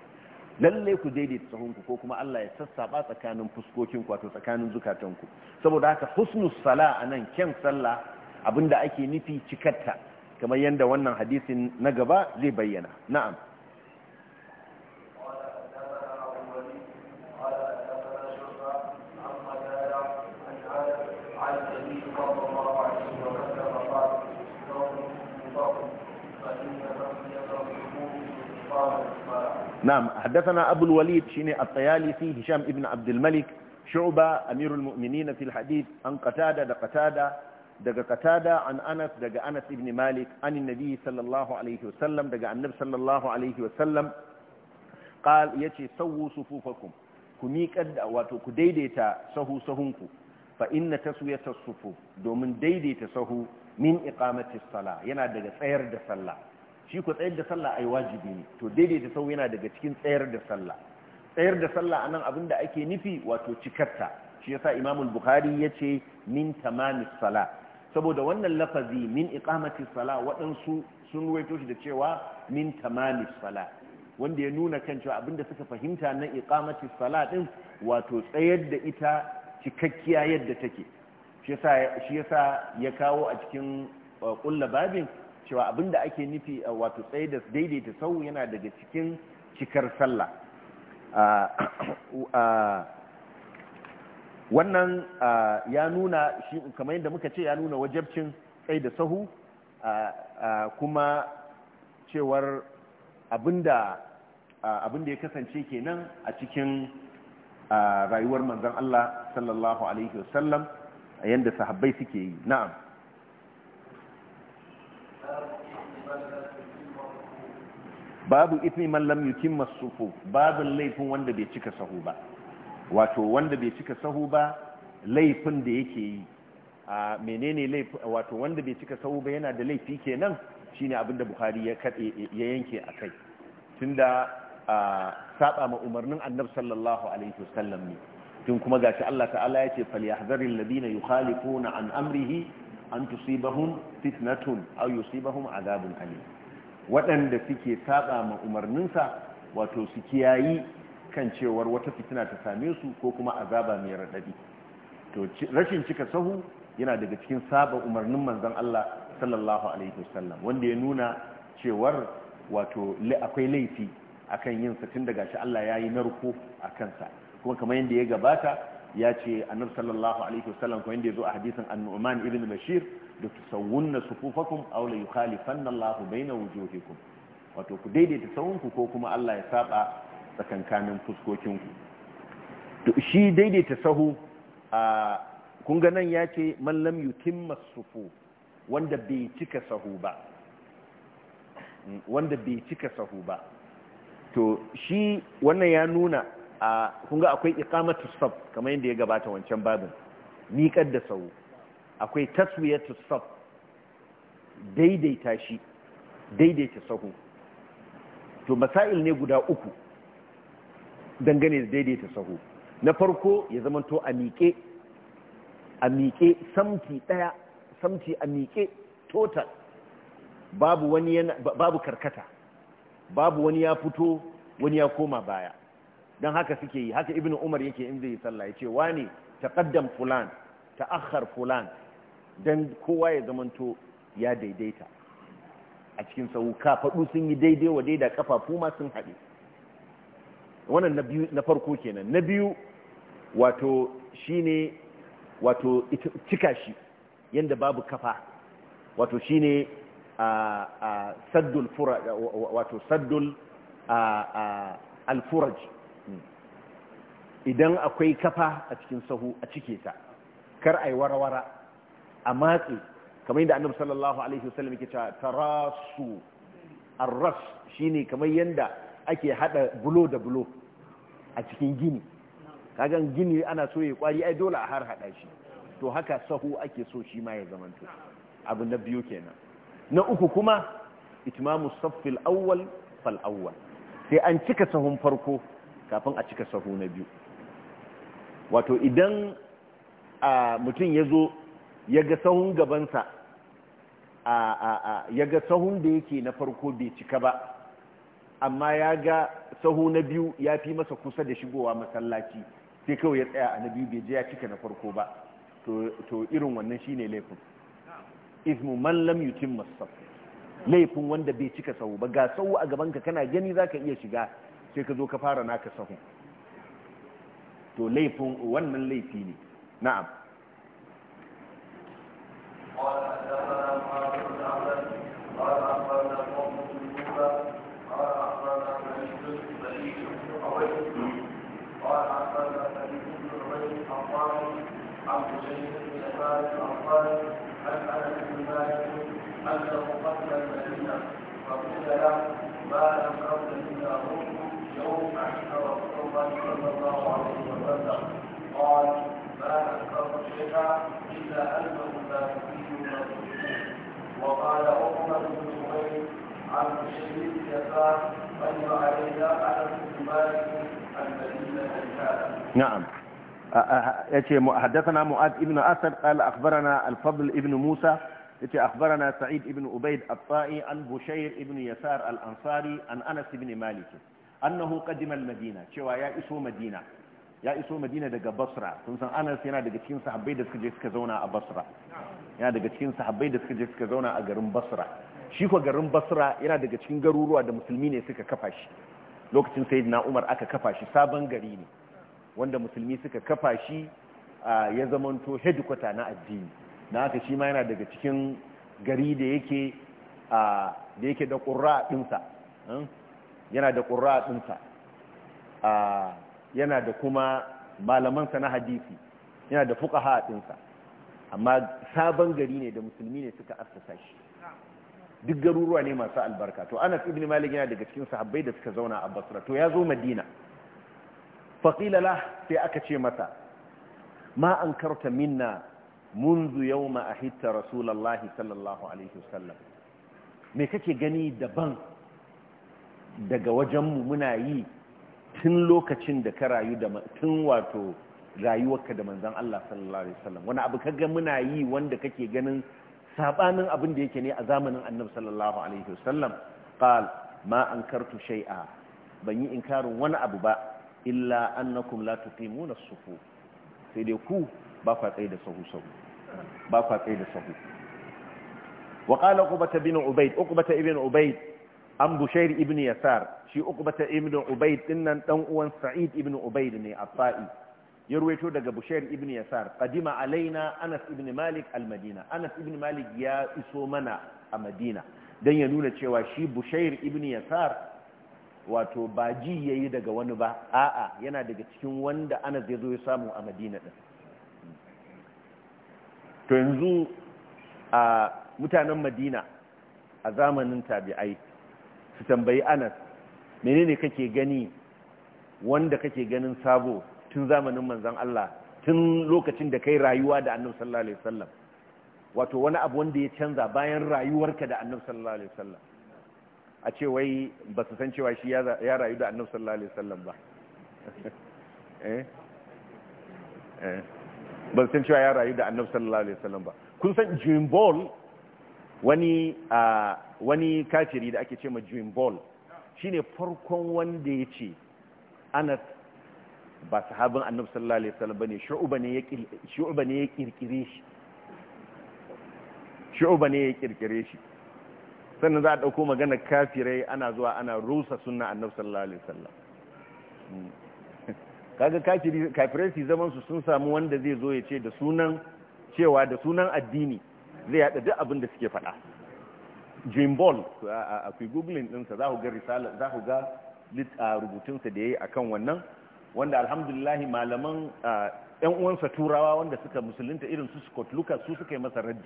lallai lalle ku daidaita tsahonku ko kuma Allah ya sassaba tsakanin fuskokin ku wato tsakanin zukatanku saboda haka husnus sala anan kyan sallah abinda ake nufi cikarta kamar yanda wannan hadisin na gaba zai bayyana na'am نعم حدثنا أبو الوليد شيني الطيالسي هشام ابن عبد الملك شعبة أمير المؤمنين في الحديث عن قتادة دا قتادة دا قتادة عن أنس دا أنس ابن مالك عن النبي صلى الله عليه وسلم دا النبي صلى الله عليه وسلم قال يتي سووا صفوفكم كمي أدى واتو كديديتا سهو سهنكو فإن تسوية الصفوف دومن ديديتا سهو من إقامة الصلاة ينا دا سير دا صلاة shi ku tsayar da sallah ai wajibi ne to daidaita sau yana daga cikin tsayar da sallah tsayar da sallah anan abin da ake nufi wato cikarta shi yasa Imam al-Bukhari yace min tamami sala saboda wannan lafazi min iqamati sala waɗansu sun ruwaito shi da cewa min tamami sala wanda ya nuna kan cewa abinda suka fahimta na iqamati sala din wato tsayar da ita cikakkiya yadda take shi yasa shi yasa ya kawo a cikin uh, kullababin babin cewa abin da ake nufi a uh, wato tsaye da daidaita sau yana daga cikin cikar sallah uh, uh, wannan ya nuna kamar yadda muka ce ya nuna wajabcin tsaye da sahu kuma cewar abin da ya kasance kenan a cikin rayuwar manzan Allah sallallahu alaihi wasallam yadda sahabbai suke yi na'am babu ismi man lam yutimma sufu babu laifin wanda bai cika sahu ba wato wanda bai cika sahu ba laifin da yake yi a menene laifin wato wanda bai cika sahu ba yana da laifi kenan shine abinda bukhari ya kade ya yanke akai tunda saba ma umarnin annabi sallallahu alaihi wasallam ne tun kuma gashi Allah ta'ala ya ce falyahzaril ladina yukhalifuna an amrihi an tusibahum fitnatun aw yusibahum azabun alim waɗanda suke saba ma umarninsa wato su kiyayi kan cewar wata fitina ta same su ko kuma azaba mai raɗaɗi to rashin cika sahu yana daga cikin saba umarnin manzon Allah sallallahu alaihi wasallam wanda ya nuna cewar wato akwai laifi akan yin sa tun daga shi Allah yayi narko a kansa kuma kamar yadda ya gabata ya ce annabi sallallahu alaihi wasallam ko inda yazo a hadisin annuman ibn bashir da tusawwunna sufufakum aw la yukhalifanna Allahu baina wujuhikum wato ku daidaita ku ko kuma Allah ya saba tsakankanin fuskokinku to shi daidaita sahu a kun ga nan ya ce man lam yutimma sufu wanda bai cika sahu ba hmm, wanda bai cika sahu ba to shi wannan ya nuna a kunga akwai iqamatu saf kamar yadda ya gabata wancan babin miƙar da sau akwai taswiyatu saf daidaita shi daidaita sahu to masail ne guda uku dangane da daidaita sahu na farko ya zamanto a miƙe a miƙe samti ɗaya samti a miƙe total babu wani babu karkata babu wani ya fito wani ya koma baya don haka suke yi haka ibn umar yake in zai yi sallah ya ce wani taqaddam fulan akhar fulan don kowa ya zamanto ya daidaita a cikin sau faɗu sun yi daidai wa daida kafafu ma sun haɗe wannan na biyu na farko kenan na biyu wato shine wato cika shi yanda babu kafa wato shine a saddul furaj wato saddul al-furaj idan akwai kafa a cikin sahu a cike ta kar ai warwara a matsi kamar yadda annabi sallallahu alaihi wasallam yake cewa tarasu arras shine kamar yadda ake hada bulo da bulo a cikin gini kagan gini ana so ya kwari ai dole a har hada shi to haka sahu ake so shi ma ya zamanto abu na biyu kenan na uku kuma itmamu saffil awwal fal awwal sai an cika sahun farko kafin a cika sahu na biyu wato idan mutum ya zo ya ga sahun gabansa ya ga sahun da yake na farko bai cika ba amma ya ga sahu na biyu ya fi masa kusa da shigowa masallaci sai kawai ya tsaya a na biyu bai je ya cika na farko ba to irin wannan shine laifin ismu man lam yutim masaf laifin wanda bai cika sahu ba ga sahu a gaban ka kana gani zaka iya shiga sai ka zo ka fara naka sahu to laifin wannan laifi ne na'am الصحة إلا أنهم لا يؤمنون وقال عمر بن زهير عن الشريف يسار بين علينا أنس بن مالك المدينة نعم أه، أه، يتي حدثنا معاذ ابن أسد قال أخبرنا الفضل ابن موسى يتي أخبرنا سعيد ابن أبيد الطائي عن بشير ابن يسار الأنصاري عن أنس بن مالك أنه قدم المدينة شوايا يا مدينة ya iso madina daga basra sun san anas yana daga cikin sahabbai da suka je suka zauna a basra yana daga cikin sahabbai da suka je suka zauna a garin basra shi ko garin basra yana daga cikin garuruwa da musulmi ne suka kafa shi lokacin sayyidina umar aka kafa shi sabon gari ne wanda musulmi suka kafa shi ya zamanto headquarter na addini na haka shi ma yana daga cikin gari da yake da yake da hmm? yana da ƙura ɗinsa yana da kuma malamansa na hadisi yana da fuqaha a ɗinsa amma sabon gari ne da musulmi ne suka assasa shi duk garuruwa ne masu albarka to anas ibn malik yana daga cikin sahabbai da suka zauna a basra to ya zo madina Fakilala sai aka ce masa ma ankarta minna munzu yau أحدت rasu الله صلى الله me kake gani daban daga wajenmu muna yi tun lokacin da ka rayu da tun wato rayuwarka da manzon Allah sallallahu alaihi wasallam wani abu kaga muna yi wanda kake ganin sabanin abin da yake ne a zamanin annabi sallallahu alaihi wasallam qal ma ankartu shay'a ban yi inkarin wani abu ba illa annakum la tuqimuna as-sufu sai dai ku ba kwa tsaye da sahu sahu ba kwa tsaye da sahu wa qala bin ubayd ibn ubayd an bushair ibn yasar shi uqbata ibn ubayd dinnan dan uwan sa'id ibn Ubaid ne afai ya ruwaito daga bushair ibn yasar qadima alaina anas ibn malik almadina anas ibn malik ya iso mana a madina dan ya nuna cewa shi bushair ibn yasar wato baji ji yayi daga wani ba a'a yana daga cikin wanda anas ya zo ya samu a madina din to yanzu a mutanen madina a zamanin tabi'ai su tambayi anas menene kake gani wanda kake ganin sabo tun zamanin Manzan Allah tun lokacin da kai rayuwa da annabi sallallahu alaihi wasallam wato wani abu wanda ya canza bayan rayuwarka da annabi sallallahu alaihi wasallam a ce wai ba su san cewa shi ya rayu da annabi sallallahu alaihi wasallam ba eh? eh ba su san cewa ya rayu da annabi sallallahu alaihi wasallam ba kun san jimbol wani a ah, wani kafiri da ake ce ma Jim Ball shine farkon wanda ya ce Anas ba sahabin Annabi sallallahu alaihi wasallam ne ya ne ya kirkire shi shu'ba ne ya kirkire shi sannan za a dauko magana kafirai ana zuwa ana rusa sunna Annabi sallallahu alaihi wasallam hmm. kaga kafiri kafirai su zaman su sun samu wanda zai zo ya ce da sunan cewa da sunan addini zai yada duk abin da suke faɗa Jim Ball fi googling ɗinsa za ku ga risala za ku ga rubutunsa da ya yi a kan wannan wanda alhamdulillahi malaman ‘yan uwansa turawa wanda suka musulunta irin su Scott Lucas su suka yi masa raddi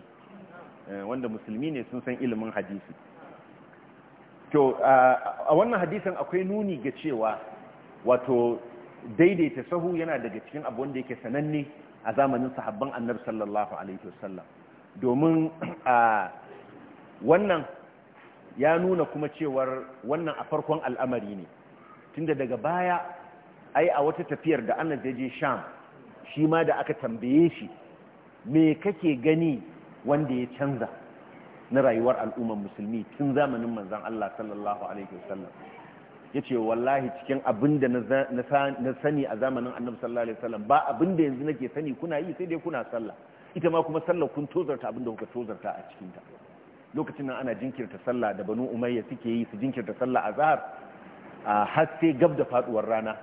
eh, wanda musulmi ne sun san ilimin hadisi. To, a wannan hadisan akwai nuni ga cewa wato daidaita sahu yana daga cikin abu wanda yake sananne a zamanin sahabban annabi sallallahu Alaihi wasallam domin a wannan ya nuna kuma cewar wannan a farkon al'amari ne tunda daga baya ai a wata tafiyar da ana ya je sham shi ma da aka tambaye shi me kake gani wanda ya canza na rayuwar al'ummar musulmi tun zamanin manzan Allah sallallahu alaihi wasallam ya ce wallahi cikin abin da na sani a zamanin annabi sallallahu alaihi wasallam ba abin da yanzu nake sani kuna yi sai dai kuna sallah ita ma kuma sallah kun tozarta abin da kuka tozarta a cikinta lokacin nan ana jinkirta sallah da banu umayya suke yi su jinkirta sallah azhar a har sai gab da faduwar rana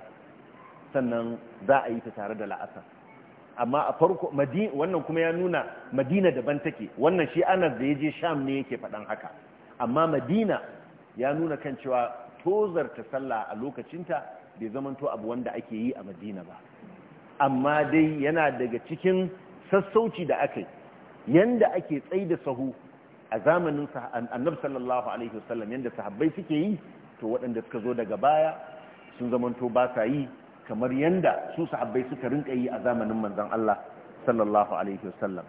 sannan za a yi ta tare da la'asar amma a farko wannan kuma ya nuna madina daban take wannan shi anas da ya je sham ne yake faɗan haka amma madina ya nuna kan cewa tozar ta sallah a lokacin ta bai zamanto abu wanda ake yi a madina ba amma dai yana daga cikin sassauci da aka yi yanda ake tsaida sahu a zamanin annab sallallahu alaihi wasallam yadda sahabbai suke yi to waɗanda suka zo daga baya sun zamanto ba yi kamar yadda su sahabbai suka rinka yi a zamanin manzan Allah sallallahu alaihi wasallam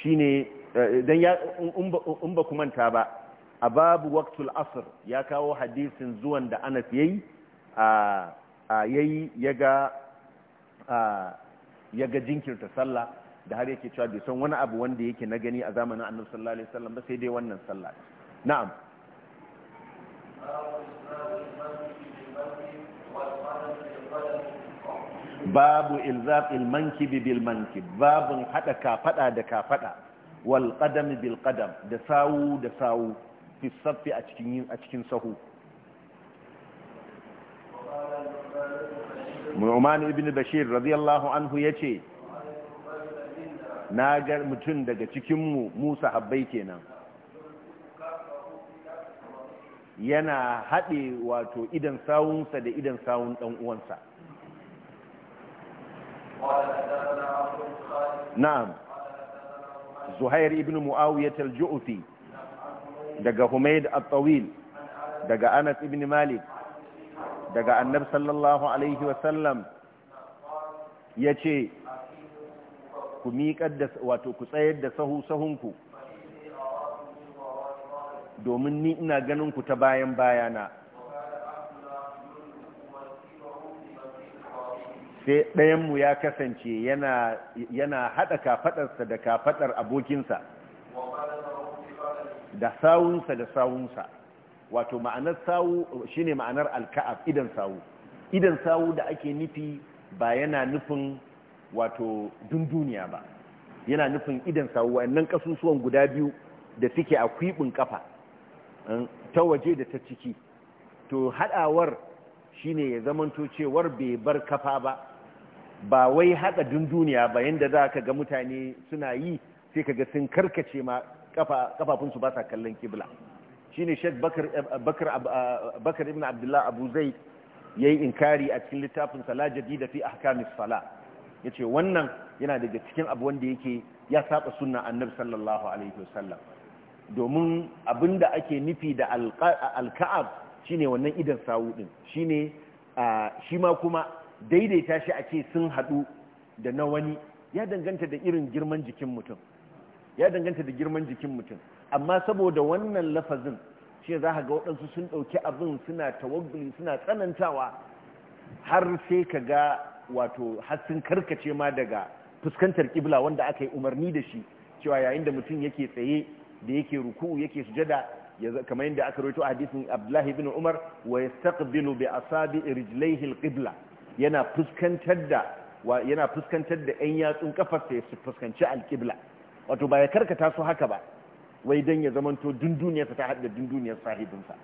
shi ne eh, don ya in ba manta ba a babu waktul asr ya kawo hadisin zuwan da anas yayi yayi ya ga jinkirta sallah da har yake cewa bai san wani abu wanda yake na gani a zamanin annabi sallallahu alaihi wasallam ba sai dai wannan sallah na'am babu ilzaq almankib bil mankib babun hada kafaɗa da kafaɗa wal qadam bil qadam da sawu da sawu fi saffi a cikin a cikin sahu Mu'man ibn Bashir radiyallahu anhu yace na ga mutum daga cikinmu musa habbai kenan yana haɗe wato idan sawunsa da idan sawun ɗan uwansa na'am zuhair ibn muawiyah al-ju'fi daga humayd at-tawil daga anas ibn malik daga annab sallallahu alaihi wasallam ya ce ku miƙar da wato ku tsayar da sahu sahunku domin ni ina ganin ku ta bayan bayana sai ɗayanmu ya kasance yana yana haɗa kafaɗarsa da kafaɗar abokinsa da sawunsa da sawunsa wato ma'anar sawu shine ma'anar alka'af idan sawu idan sawu da ake nufi ba yana nufin wato dunduniya ba yana nufin idan sawu wannan kasusuwan guda biyu da suke a kwibin kafa eh, ta waje da ta ciki to hadawar shine ya zamanto cewar bai bar kafa ba ba wai hada dunduniya ba yanda za ka ga mutane suna yi sai ka ga sun karkace ma kafafunsu ba sa kallon kibla shine Sheikh Bakar eh, eh, Ibn Abdullah Abu Zaid yayi inkari a cikin littafin Sala Jadida fi Ahkamis Sala ya ce wannan yana daga cikin abu wanda yake ya saba suna annabi sallallahu alaihi wasallam domin abin da ake nufi da alka'ab shine wannan idan sawu din ne shi ma kuma daidaita shi ake sun hadu da na wani ya danganta da irin girman jikin mutum ya danganta da girman jikin mutum amma saboda wannan lafazin shi za ka ga waɗansu sun ɗauki abin suna tawagbili suna tsanantawa har sai ka ga wato hassun karkace ma daga fuskantar kibla wanda aka yi umarni da shi cewa yayin da mutum yake tsaye da yake ruku'u yake sujada kamar yadda aka rawaito a hadisin Abdullahi ibn Umar wa yastaqbilu bi asabi rijlaihi al-qibla yana fuskantar da yana fuskantar da ɗan yatsun kafarsa ya fuskanci al-qibla wato ba ya karkata su haka ba wai dan ya zamanto dunduniyarsa ta haɗa dunduniyar sahibinsa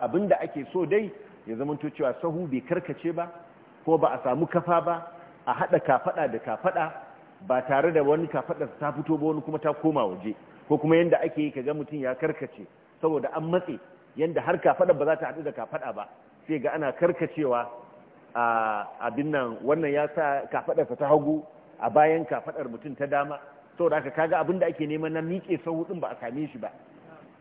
abin da ake so dai ya zama cewa sahu bai karkace ba ko ba a samu kafa ba a hada kafaɗa da kafaɗa ba tare da wani kafaɗa ta fito ba wani kuma ta koma waje ko kuma yanda ake yi kaga mutum ya karkace saboda an matse yanda har kafaɗa ba za ta hadu da kafaɗa ba sai ga ana karkacewa a abin nan wannan ya sa sa ta hagu a bayan kafaɗar mutum ta dama saboda haka kaga abin da ake neman na miƙe sahu ɗin ba a same shi ba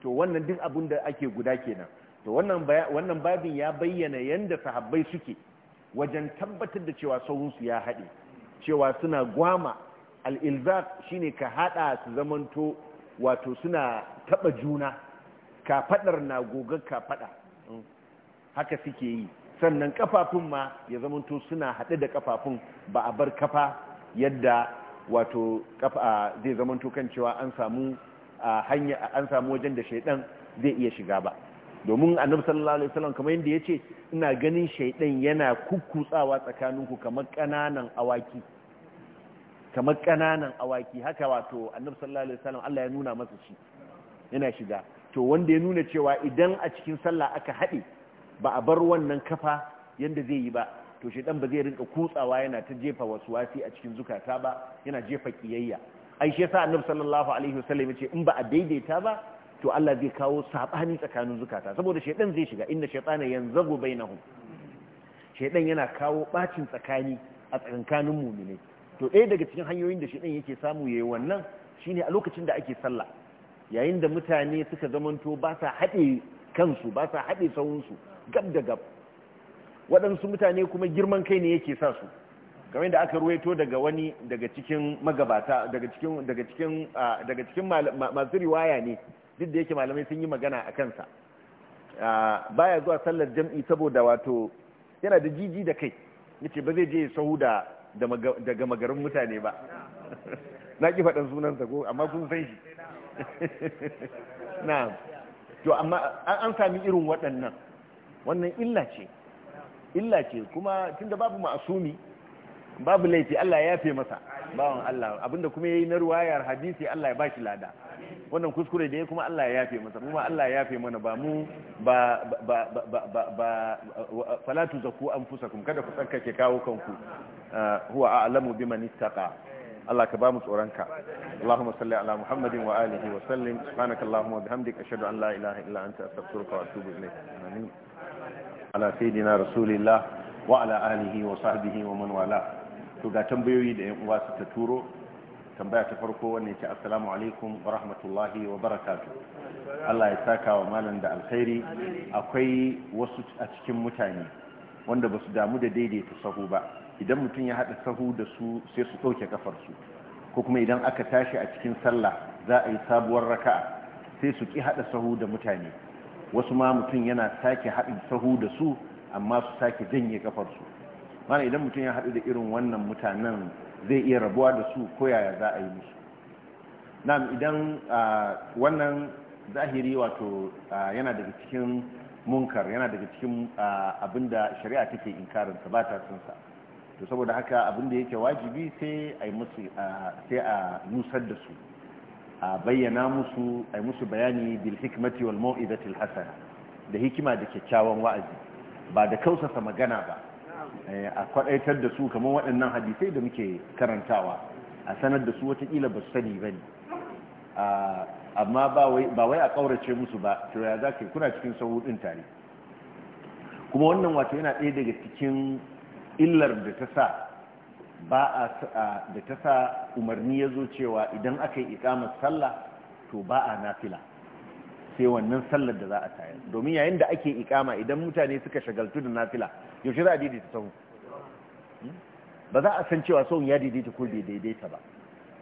to wannan duk abin da ake guda kenan to wannan babin ya bayyana yadda sahabbai suke wajen tabbatar da cewa sauransu ya haɗe cewa suna gwama al-ilzaq shine ka hada su zamanto wato suna taɓa juna ka fadar na gogan ka fada hmm. haka suke yi sannan kafafun ma ya zamanto suna haɗe da kafafun ba a bar kafa yadda wato zai zamanto kan cewa an samu hanya an samu wajen da shaidan zai iya shiga ba domin annabi sallallahu alaihi wasallam kamar yadda yace ina ganin shaidan yana kukkutsawa tsakaninku kamar kananan awaki kamar kananan awaki haka wato annabi sallallahu alaihi wasallam Allah ya nuna masa shi yana shiga to wanda ya nuna cewa idan a cikin sallah aka haɗe ba a bar wannan kafa yadda zai yi ba to shaidan ba zai rinka kutsawa yana ta jefa wasu wasi a cikin zukata ba yana jefa kiyayya ai shi yasa annabi sallallahu alaihi yace in ba a daidaita ba to Allah zai kawo sabani tsakanin zukata saboda shaidan zai shiga inda yanzu yanzago bainahum Shaiɗan yana kawo bacin tsakani a tsakankanin mu'mini to ɗaya daga cikin hanyoyin da shaidan yake samu yi wannan shine a lokacin da ake sallah yayin da mutane suka zamanto ba sa haɗe kansu ba sa haɗe sauransu gab da gab waɗansu mutane kuma girman kai ne yake sa su kamar da aka ruwaito daga wani daga cikin magabata daga cikin daga cikin ah, daga cikin masu riwaya ne duk da yake malamai sun yi magana a kansa baya zuwa sallar jam'i saboda wato yana da jiji da kai yace ba zai je sahu da daga magarin mutane ba na ki faɗin sa ko amma kun san shi na to amma an sami irin waɗannan wannan illa ce illa ce kuma tunda babu ma'asumi babu laifi Allah ya yafe masa bawan Allah abinda kuma yayi na ruwayar hadisi Allah ya bashi lada wannan kuskure da ya kuma Allah ya yafe masa kuma Allah ya yafe mana ba mu ba ba ba ba falatu zaku anfusakum kada ku tsarkake kawo kanku ah, huwa a'lamu biman ittaqa Allah ka ba mu tsoronka Allahumma salli ala Muhammadin wa alihi wa sallim subhanakallahumma bihamdika ashhadu an la ilaha illa anta astaghfiruka wa atubu ilayk amin ala sayidina rasulillah wa ala alihi wa sahbihi wa man wala to ga tambayoyi da yan uwa suka turo tambaya ta farko wanne ce assalamu alaikum wa rahmatullahi wa barakatu Allah ya saka wa malam da alkhairi akwai wasu a cikin mutane wanda basu damu da daidaita sahu ba idan mutum ya haɗa sahu da su sai su ɗauke kafarsu ko kuma idan aka tashi a cikin sallah za a yi sabuwar raka'a sai su ki haɗa sahu da mutane wasu ma mutum yana sake haɗin sahu da su amma su sake janye kafarsu mana idan mutum ya haɗu da irin wannan mutanen zai iya rabuwa da su ko yaya za a yi musu na'am idan wannan zahiri wato yana daga cikin munkar yana daga cikin abinda shari'a take inkarin sa ba ta sun sa to saboda haka abin da yake wajibi sai a musu sai a nusar da su a bayyana musu a musu bayani bil hikmati wal mau'izatil hasana da hikima da kyakkyawan wa'azi ba da kausasa magana ba Eh, a kwadaitar da su kamar waɗannan hadisai da muke karantawa a sanar da su watakila ba su sani ba ne amma ba wai a ƙaurace musu ba to ya za ka kuna cikin ɗin tare kuma wannan wato yana ɗaya daga cikin illar da ta sa ba a ta sa umarni ya zo cewa idan aka yi ikamar sallah to ba a nafila sai wannan sallar da za a tayar domin yayin da ake ikama idan mutane suka shagaltu da nafila yaushe za a daidaita sahun hmm? ba za a san cewa sahun ya daidaita ko bai daidaita ba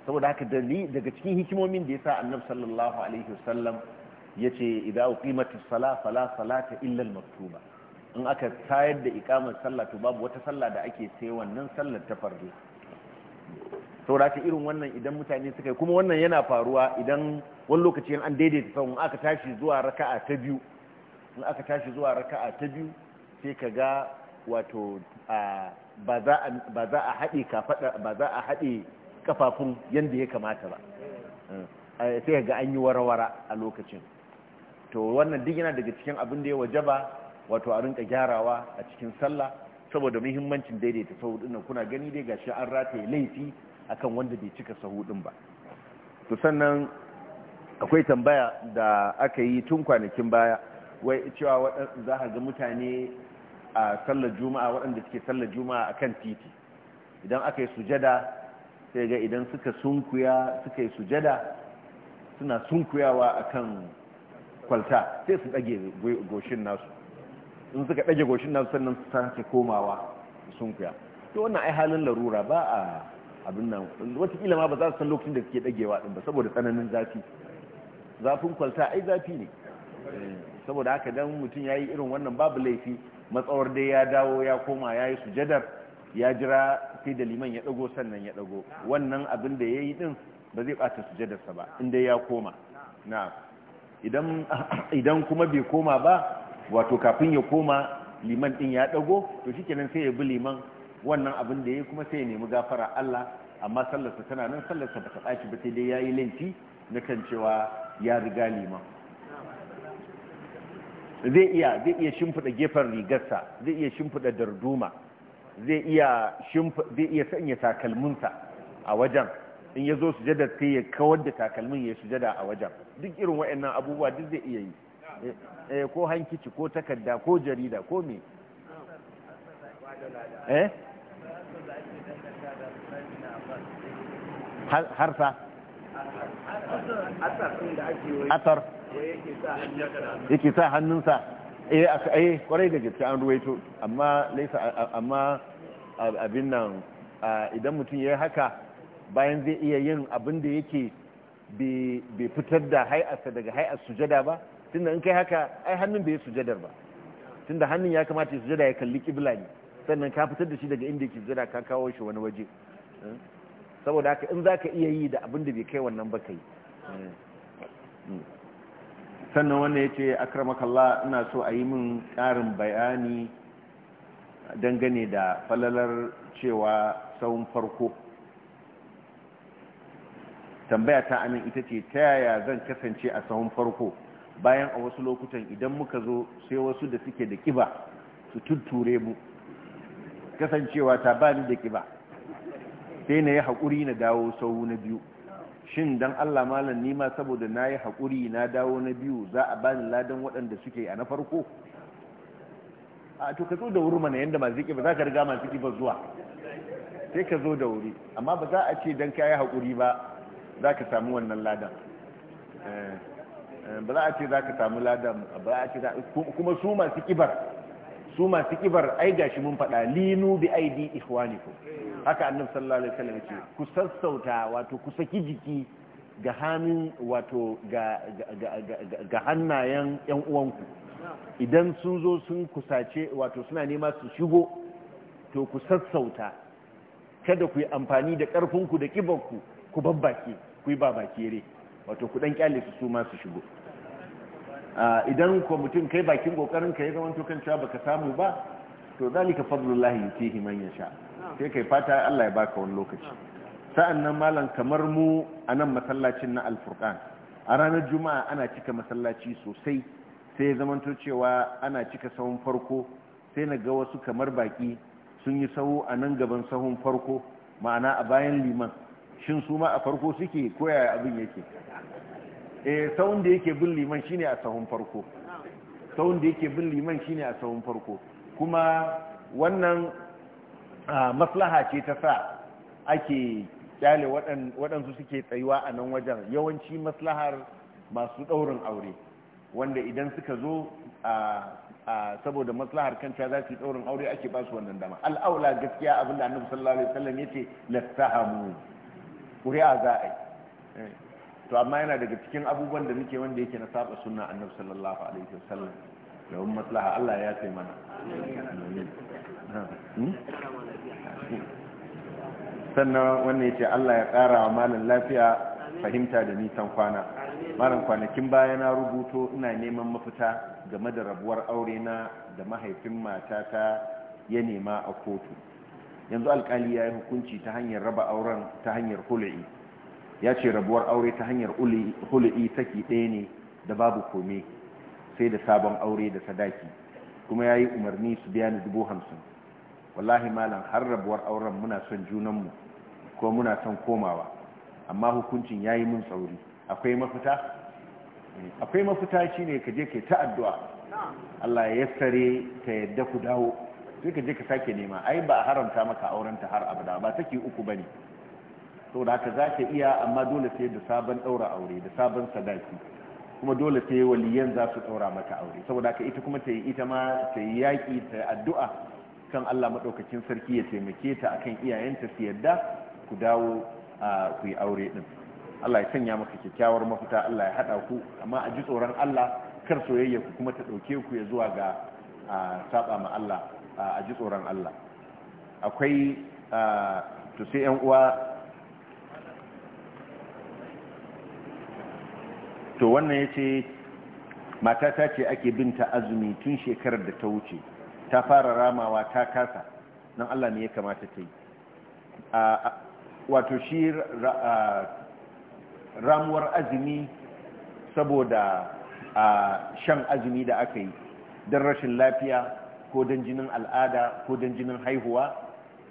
saboda haka daga cikin hikimomin da ya sa annabi sallallahu alaihi wasallam ya ce idan uqimati sala sala sala ta illal maktuba in aka tayar da ikamar sallah to babu wata sallah da ake sai wannan sallar ta farko saboda haka irin wannan idan mutane suka yi kuma wannan yana faruwa idan wani lokaci an daidaita sahun aka tashi zuwa raka'a ta biyu in aka tashi zuwa raka'a ta biyu sai ka ga wato ba za a haɗe kafafun yadda ya kamata ba eh, eh, sai ga an yi warawara a lokacin to wannan duk yana daga cikin abin da ya waje ba wato a rinka gyarawa a cikin sallah saboda muhimmancin daidaita sahu nan kuna gani dai gashi an rataye laifi akan wanda bai cika sahu ɗin ba to sannan akwai tambaya da aka yi tun kwanakin baya wai cewa za a ga mutane a sallar juma'a waɗanda suke sallar juma'a a kan titi idan aka yi sujada sai ga idan suka sunkuya suka yi sujada suna sunkuyawa a kan kwalta sai su ɗage goshin nasu in suka ɗage goshin nasu sannan su sake komawa su sunkuya to wannan ai halin larura ba a abin nan watakila ma ba za su san lokacin da suke ɗagewa ɗin ba saboda tsananin zafi zafin kwalta ai zafi ne eh, saboda haka dan mutum ya yi irin wannan babu laifi matsawar dai ya dawo ya koma ya yi sujadar ya jira sai da liman ya dago sannan ya dago wannan abin da ya yi din ba zai bata sujadarsa ba inda ya koma na idan kuma bai koma ba wato kafin ya koma liman din ya dago to shi kenan sai ya bi liman wannan abin da ya yi kuma sai ya nemi gafara Allah amma sallarsa tana nan sallarsa ba ta ɓaci ba sai dai ya yi lenti na kan cewa ya riga liman zai iya zai iya shimfida gefen rigarsa zai iya shimfida darduma zai iya zai iya sanya takalminsa a wajen in ya zo sujada sai ya kawar da takalmin ya sujada a wajen duk irin waɗannan abubuwa duk zai iya yi eh ko hankici ko takarda ko jarida ko me eh harsa asar yake sa hannunsa eh aka eh kwarai da gaske an ruwaito amma laisa amma abin nan idan mutum ya yi haka bayan zai iya yin abin da yake bai fitar da hai'arsa daga hai'ar sujada ba tunda in kai haka ai hannun bai sujadar ba tunda hannun ya kamata ya sujada ya kalli kibla ne sannan ka fitar da shi daga inda yake sujada ka kawo shi wani waje eh? saboda haka in zaka iya yi da abin da bai kai wannan ba ka yi eh. hmm. sannan wannan ya ce akramakallah ina so a yi min ƙarin bayani dangane da falalar cewa tsawon farko tambaya ta anan ita ce ta yaya zan kasance a tsawon farko bayan a wasu lokutan idan muka zo sai wasu da suke da kiba su tutture mu kasancewa ta bani da kiba sai na yi haƙuri na dawo sau na biyu shin dan Allah malam ni ma saboda nayi hakuri na dawo na biyu za a bani ladan waɗanda suke a na farko a to ka zo da wuri mana yanda masu ba za ka riga masu ba zuwa sai ka zo da wuri amma ba za a ce dan kayi hakuri ba za ka samu wannan ladan eh, eh, ba za a ce za ka samu ladan ba a ce kuma su masu kibar su masu kibar ai gashi mun faɗa linu bi aidi ikhwanikum haka annab sallallahu alaihi wasallam ce ku sassauta wato ku saki jiki ga hannun wato ga hannayen yan uwanku idan sun zo sun kusace wato suna nema su shigo to ku sassauta kada ku yi amfani da karfinku da kibarku ku babbake ku yi babakere wato ku dan kyale su su ma su shigo idan ko mutum kai bakin kokarin ka ya zama to kan cewa baka samu ba to zalika fadlullahi yutihi man yasha sai kai fata Allah ya baka wani lokaci sa'annan malam kamar mu a nan masallacin na alfurqan a ranar juma'a ana cika masallaci sosai sai ya zama to cewa ana cika sahun farko sai na ga wasu kamar baki sun yi sahu a nan gaban sahun farko ma'ana a bayan liman shin su ma a farko suke koya abin yake eh sahun da yake bin liman shine a sahun farko sahun da yake bin liman shine a sahun farko kuma wannan maslaha ce ta sa ake kyale waɗansu suke tsayuwa a nan wajen yawanci maslahar masu ɗaurin aure wanda idan suka zo a saboda maslahar kanta za su yi ɗaurin aure ake ba su wannan dama al'aula gaskiya abinda annabi sallallahu alaihi wasallam ya ce ƙuri'a za a yi eh. to amma yana daga cikin abubuwan da muke wanda yake na saba sunna annabi sallallahu alaihi wasallam da maslaha Allah ya sai mana hmm? sannan wannan ya Allah ya ƙara wa malam lafiya fahimta da nisan kwana malam kwanakin baya na rubuto ina neman mafita game da rabuwar aure na da mahaifin matata ya nema a kotu yanzu alkali ya yi hukunci ta hanyar raba auren ta hanyar hula'i ya ce rabuwar aure ta hanyar huli'i saki ɗaya ne da babu kome sai da sabon aure da sadaki kuma ya yi umarni su biya ni dubu hamsin wallahi malam har rabuwar auren muna son junanmu ko muna son komawa amma hukuncin ya yi mun tsauri akwai mafita eh, akwai mafita shi ne ka je ke ta addu'a Allah ya sare ta yadda ku dawo sai ka je ka sake nema ai ba a haramta maka aurenta har abada ba take uku ba ne da haka za ka iya amma dole sai da sabon ɗaura aure da sabon sadaki kuma dole sai waliyan za su ɗaura mata aure saboda haka ita kuma ta yi ita ma ta yi yaƙi ta addu'a kan Allah maɗaukakin sarki ya taimake ta a kan iyayenta su yadda ku dawo ku yi aure ɗin Allah ya sanya maka kyakkyawar mafita Allah ya haɗa ku amma a ji tsoron Allah kar soyayya ku kuma ta ɗauke ku ya zuwa ga saba ma Allah a ji tsoron Allah akwai to sai 'yan uwa to wannan ya ce matata ce ake binta azumi tun shekarar da ta wuce ta fara ramawa ta kasa nan allah ne ya kamata ta yi wato shi ramuwar azumi saboda shan azumi da aka yi don rashin lafiya ko don jinin al'ada ko don jinin haihuwa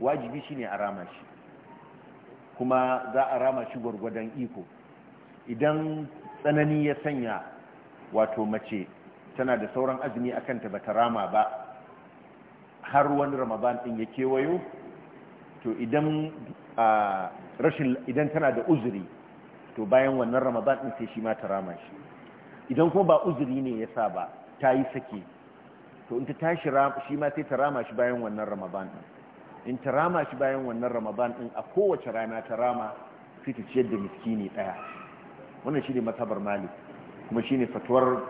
wajibi shi ne a rama shi kuma za a rama shi gwargwadon iko idan tsanani ya sanya wato mace tana da sauran azumi a kanta ta rama ba har wani ramadan ɗin ya kewayo to idan rashin idan tana da uzuri to bayan wannan ramadan ɗin sai shi ma ta rama shi idan kuma ba uzuri ne ya sa ba ta yi sake to in ta tashi shi ma sai ta rama shi bayan wannan ramadan ɗin in ta rama shi bayan wannan ramadan ɗin a kowace rana ta rama sai ta ciyar da miskini ɗaya wannan shi ne matabar mali kuma ne fatuwar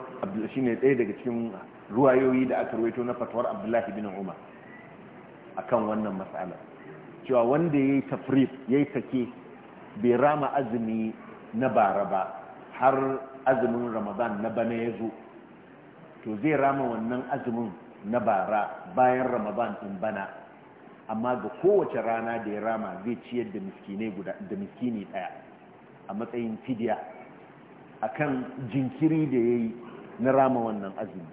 ne ɗaya daga cikin ruwayoyi da aka ruwaito na fatuwar abdullahi bin umar akan wannan matsala cewa wanda ya yi tafrif yayi take bai rama azumi na bara ba har azumin ramadan na bana ya zo to zai rama wannan azumin na bara bayan ramadan in bana amma ga kowace rana da ya rama zai ciyar da miskini ɗaya a matsayin fidiya akan jinkiri da ya yi na rama wannan azumi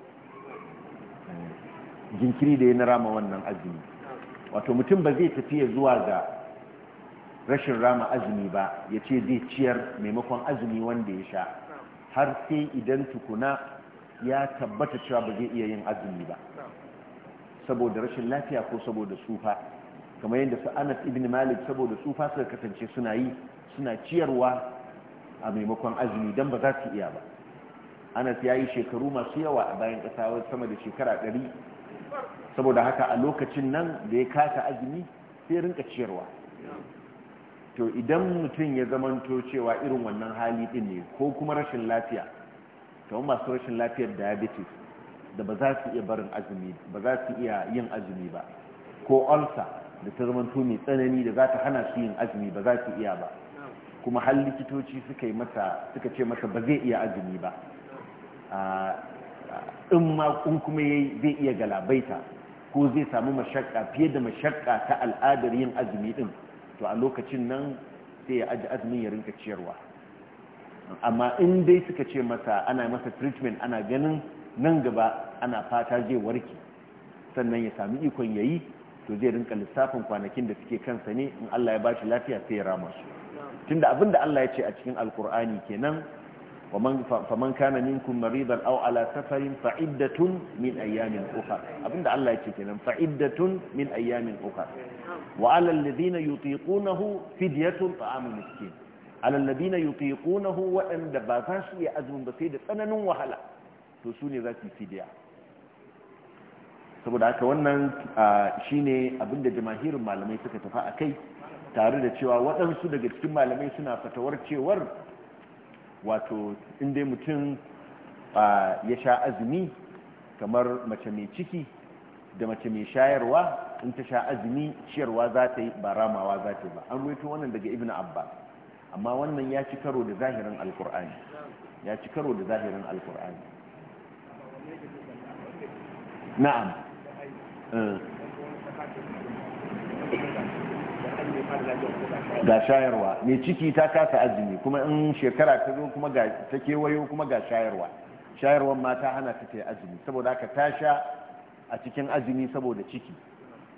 jinkiri da ya na rama wannan azumi wato mutum ba zai tafiya zuwa ga rashin rama azumi ba ya ce zai ciyar maimakon azumi wanda ya sha har sai idan tukuna ya tabbata cewa ba zai iya yin azumi ba saboda rashin lafiya ko saboda sufa kamar yadda su anas ibn malik saboda sufa suka kasance suna yi suna ciyarwa a maimakon azumi don ba za su iya ba anas ya yi shekaru masu yawa a bayan ƙasa sama da shekara ɗari saboda haka a lokacin nan da ya kasa azumi sai rinka ciyarwa to idan mutum ya zamanto cewa irin wannan hali ɗin ne ko kuma rashin lafiya wani masu rashin lafiyar diabetes da ba za su iya barin azumi ba za su iya yin azumi ba ko ulcer da ta zamanto mai tsanani da za ta hana su yin azumi ba za su iya ba kuma har likitoci suka yi masa suka ce masa ba zai iya azumi ba in ma in kuma yayi zai iya galabaita ko zai samu mashakka fiye da mashakka ta al'adar yin azumi din to a lokacin nan sai ya aji azumin ya rinka ciyarwa amma in dai suka ce masa ana masa treatment ana ganin nan gaba ana fata zai warke sannan ya sami ikon yayi to zai rinka lissafin kwanakin da suke kansa ne in Allah ya bashi lafiya sai ya rama su tunda abinda Allah ya ce a cikin alkur'ani kenan faman kana minkum maridan au ala safarin fa'iddatun min ayyamin ukhra abinda Allah ya ce kenan fa'iddatun min ayyamin ukhra wa 'ala alladhina yutiqunahu fidyatun ta'amu miskin 'ala yutiqunahu wa anda ba za su yi azumin ba sai da tsananin wahala to su ne za su fidya saboda haka wannan shine abinda jamahirin malamai suka tafi kai. tare da cewa waɗansu daga cikin malamai suna fatawar cewar wato inda mutum ya sha azumi kamar mace mai ciki da mace mai shayarwa in ta sha azumi ciyarwa za ta yi ba ramawa za ta yi ba an ruwaito wannan daga ibn Abba, amma wannan ya ci karo da zahirin alkur'ani ya ci karo da zahirin alkur'ani na'am eh. ga shayarwa mai ciki ta kasa azumi kuma in shekara ta zo kuma ga ta kewayo kuma ga shayarwa shayarwar ma ta hana ta ta azumi saboda haka ta sha a cikin azumi saboda ciki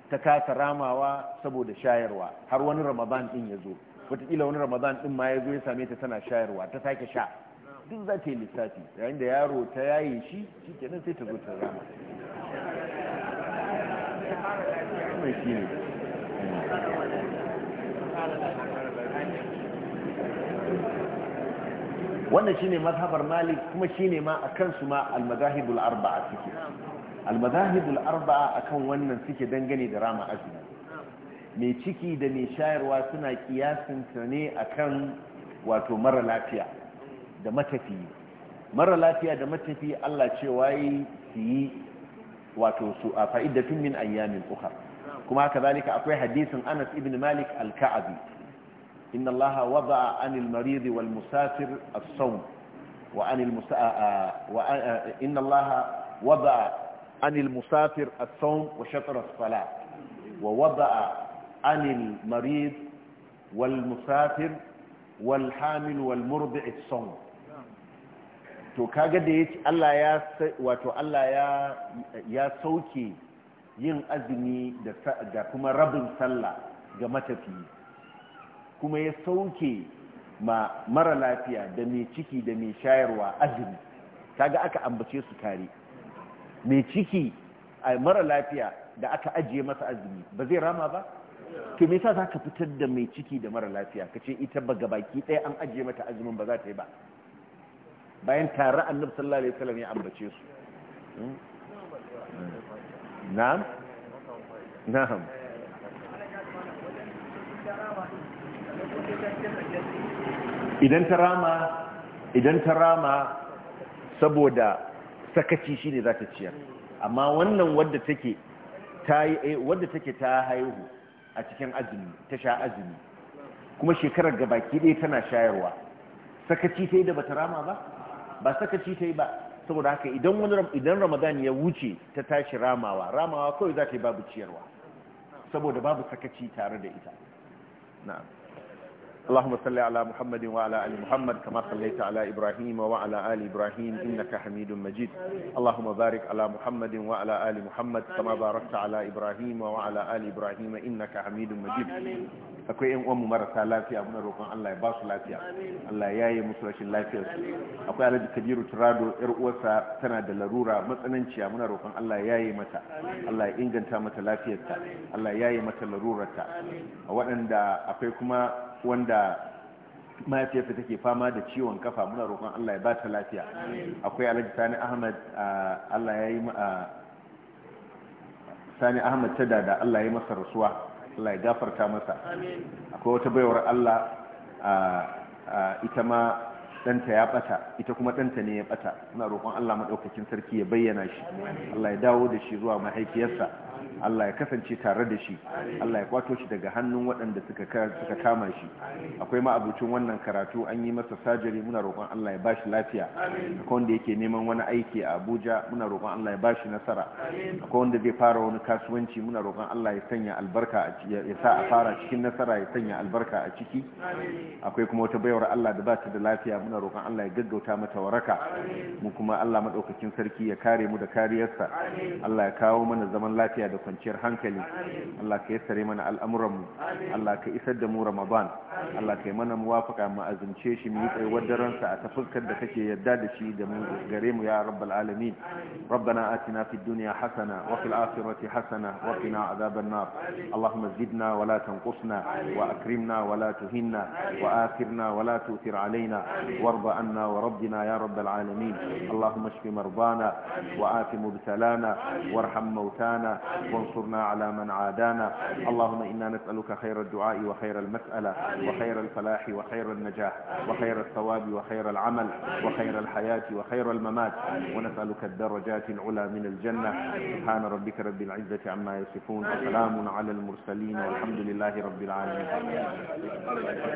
ta kasa ramawa saboda shayarwa har wani ramadan din ya zo wataƙila wani ramadan din ma ya zo ya same ta tana shayarwa ta sake sha duk za ta yi lissafi yayin da yaro ta yaye shi shi kenan sai ta zo ta rama wannan shine mazhabar malik kuma shine ma akan su ma al madahibul arba'a suke al madahibul arba'a akan wannan suke dangane da rama azumi mai ciki da mai shayarwa suna kiyasin ta ne akan wato mara lafiya da matafi mara lafiya da matafi Allah ce wayi su yi wato su a fa'idatin min ayyamin ukhra كما كذلك أقوى حديث أنس ابن مالك الكعبي إن الله وضع عن المريض والمسافر الصوم وأن المسا... آه، آه، وأن... آه، إن الله وضع عن المسافر الصوم وشطر الصلاة ووضع عن المريض والمسافر والحامل والمرضع الصوم تو كاغديت الله يا وتو الله يا يا سوكي yin azumi da kuma rabin sallah ga matafi kuma ya sauke ma mara lafiya da mai ciki da mai shayarwa azumi kaga aka ambace su tare mai ciki a mara lafiya da aka ajiye masa azumi ba zai rama ba to me yasa ka fitar da mai ciki da mara lafiya ka ce ita ba gabaki ɗaya an ajiye mata azumin ba za ta yi ba bayan tare annabi sallallahu Salam ya ambace su hmm? نعم نعم idan ta rama idan ta rama saboda sakaci shi ne za ciyar amma wannan wadda take ta eh, wadda take ta haihu a cikin azumi ta sha azumi kuma shekarar gabaki ɗaya tana shayarwa sakaci ta da bata rama ba ba sakaci ta ba saboda haka idan wani idan ramadan ya wuce ta tashi ramawa ramawa kawai za ta yi babu ciyarwa saboda babu sakaci tare da ita na'am اللهم صل على محمد وعلى آل محمد كما صليت على إبراهيم وعلى آل إبراهيم إنك حميد مجيد اللهم بارك على محمد وعلى آل محمد كما باركت على إبراهيم وعلى آل إبراهيم إنك حميد مجيد akwai yan uwanmu marasa lafiya muna roƙon Allah ya ba su lafiya Allah ya yi musu rashin lafiyar su akwai Alhaji Kabiru Turado yar uwarsa tana da larura matsananciya muna roƙon Allah ya yi mata Allah ya inganta mata lafiyarta Allah ya yi mata larurarta a waɗanda akwai kuma wanda mahaifiyarsa take fama da ciwon kafa muna roƙon Allah ya ba ta lafiya akwai alhaji sani ahmad Allah ya yi sani ahmad ta dada Allah ya yi masa rasuwa Allah ya gafarta masa akwai wata baiwar Allah ita ma ɗanta ya ɓata ita kuma ɗanta ne ya ɓata muna roƙon Allah maɗaukakin sarki ya bayyana shi Allah ya dawo da shi zuwa mahaifiyarsa Allah ya kasance tare da shi Allah ya kwato shi daga hannun waɗanda suka kama shi akwai ma wannan karatu an yi masa sajari muna roƙon Allah ya bashi lafiya akwai wanda yake neman wani aiki a Abuja muna roƙon Allah ya bashi nasara akwai wanda zai fara wani kasuwanci muna roƙon Allah ya sanya albarka ya sa a fara cikin nasara ya sanya albarka a ciki akwai kuma wata bayar Allah da ba ta da lafiya muna roƙon Allah ya gaggauta mata waraka mu kuma Allah madaukakin sarki ya kare mu da kariyarsa Allah ya kawo mana zaman lafiya da kwanciyar hankali Allah ka yassare mana al'amuranmu Allah ka isar da mu Ramadan Allah ka yi mana muwafaka mu azumce shi mu yi tsayuwar daren sa a tafukkar da kake yarda da shi da mu gare mu ya rabbal alamin ربنا آتنا في الدنيا حسنة وفي الآخرة حسنة وقنا عذاب النار اللهم زدنا ولا تنقصنا وأكرمنا ولا تهنا وآثرنا ولا تؤثر علينا وارض عنا وربنا يا رب العالمين اللهم اشف مرضانا وآت مبتلانا وارحم موتانا وانصرنا على من عادانا اللهم إنا نسألك خير الدعاء وخير المسألة وخير الفلاح وخير النجاح وخير الثواب وخير العمل وخير الحياة وخير الممات ونسألك الدرجات العلى من الجنة سبحان ربك رب العزة عما يصفون وسلام على المرسلين والحمد لله رب العالمين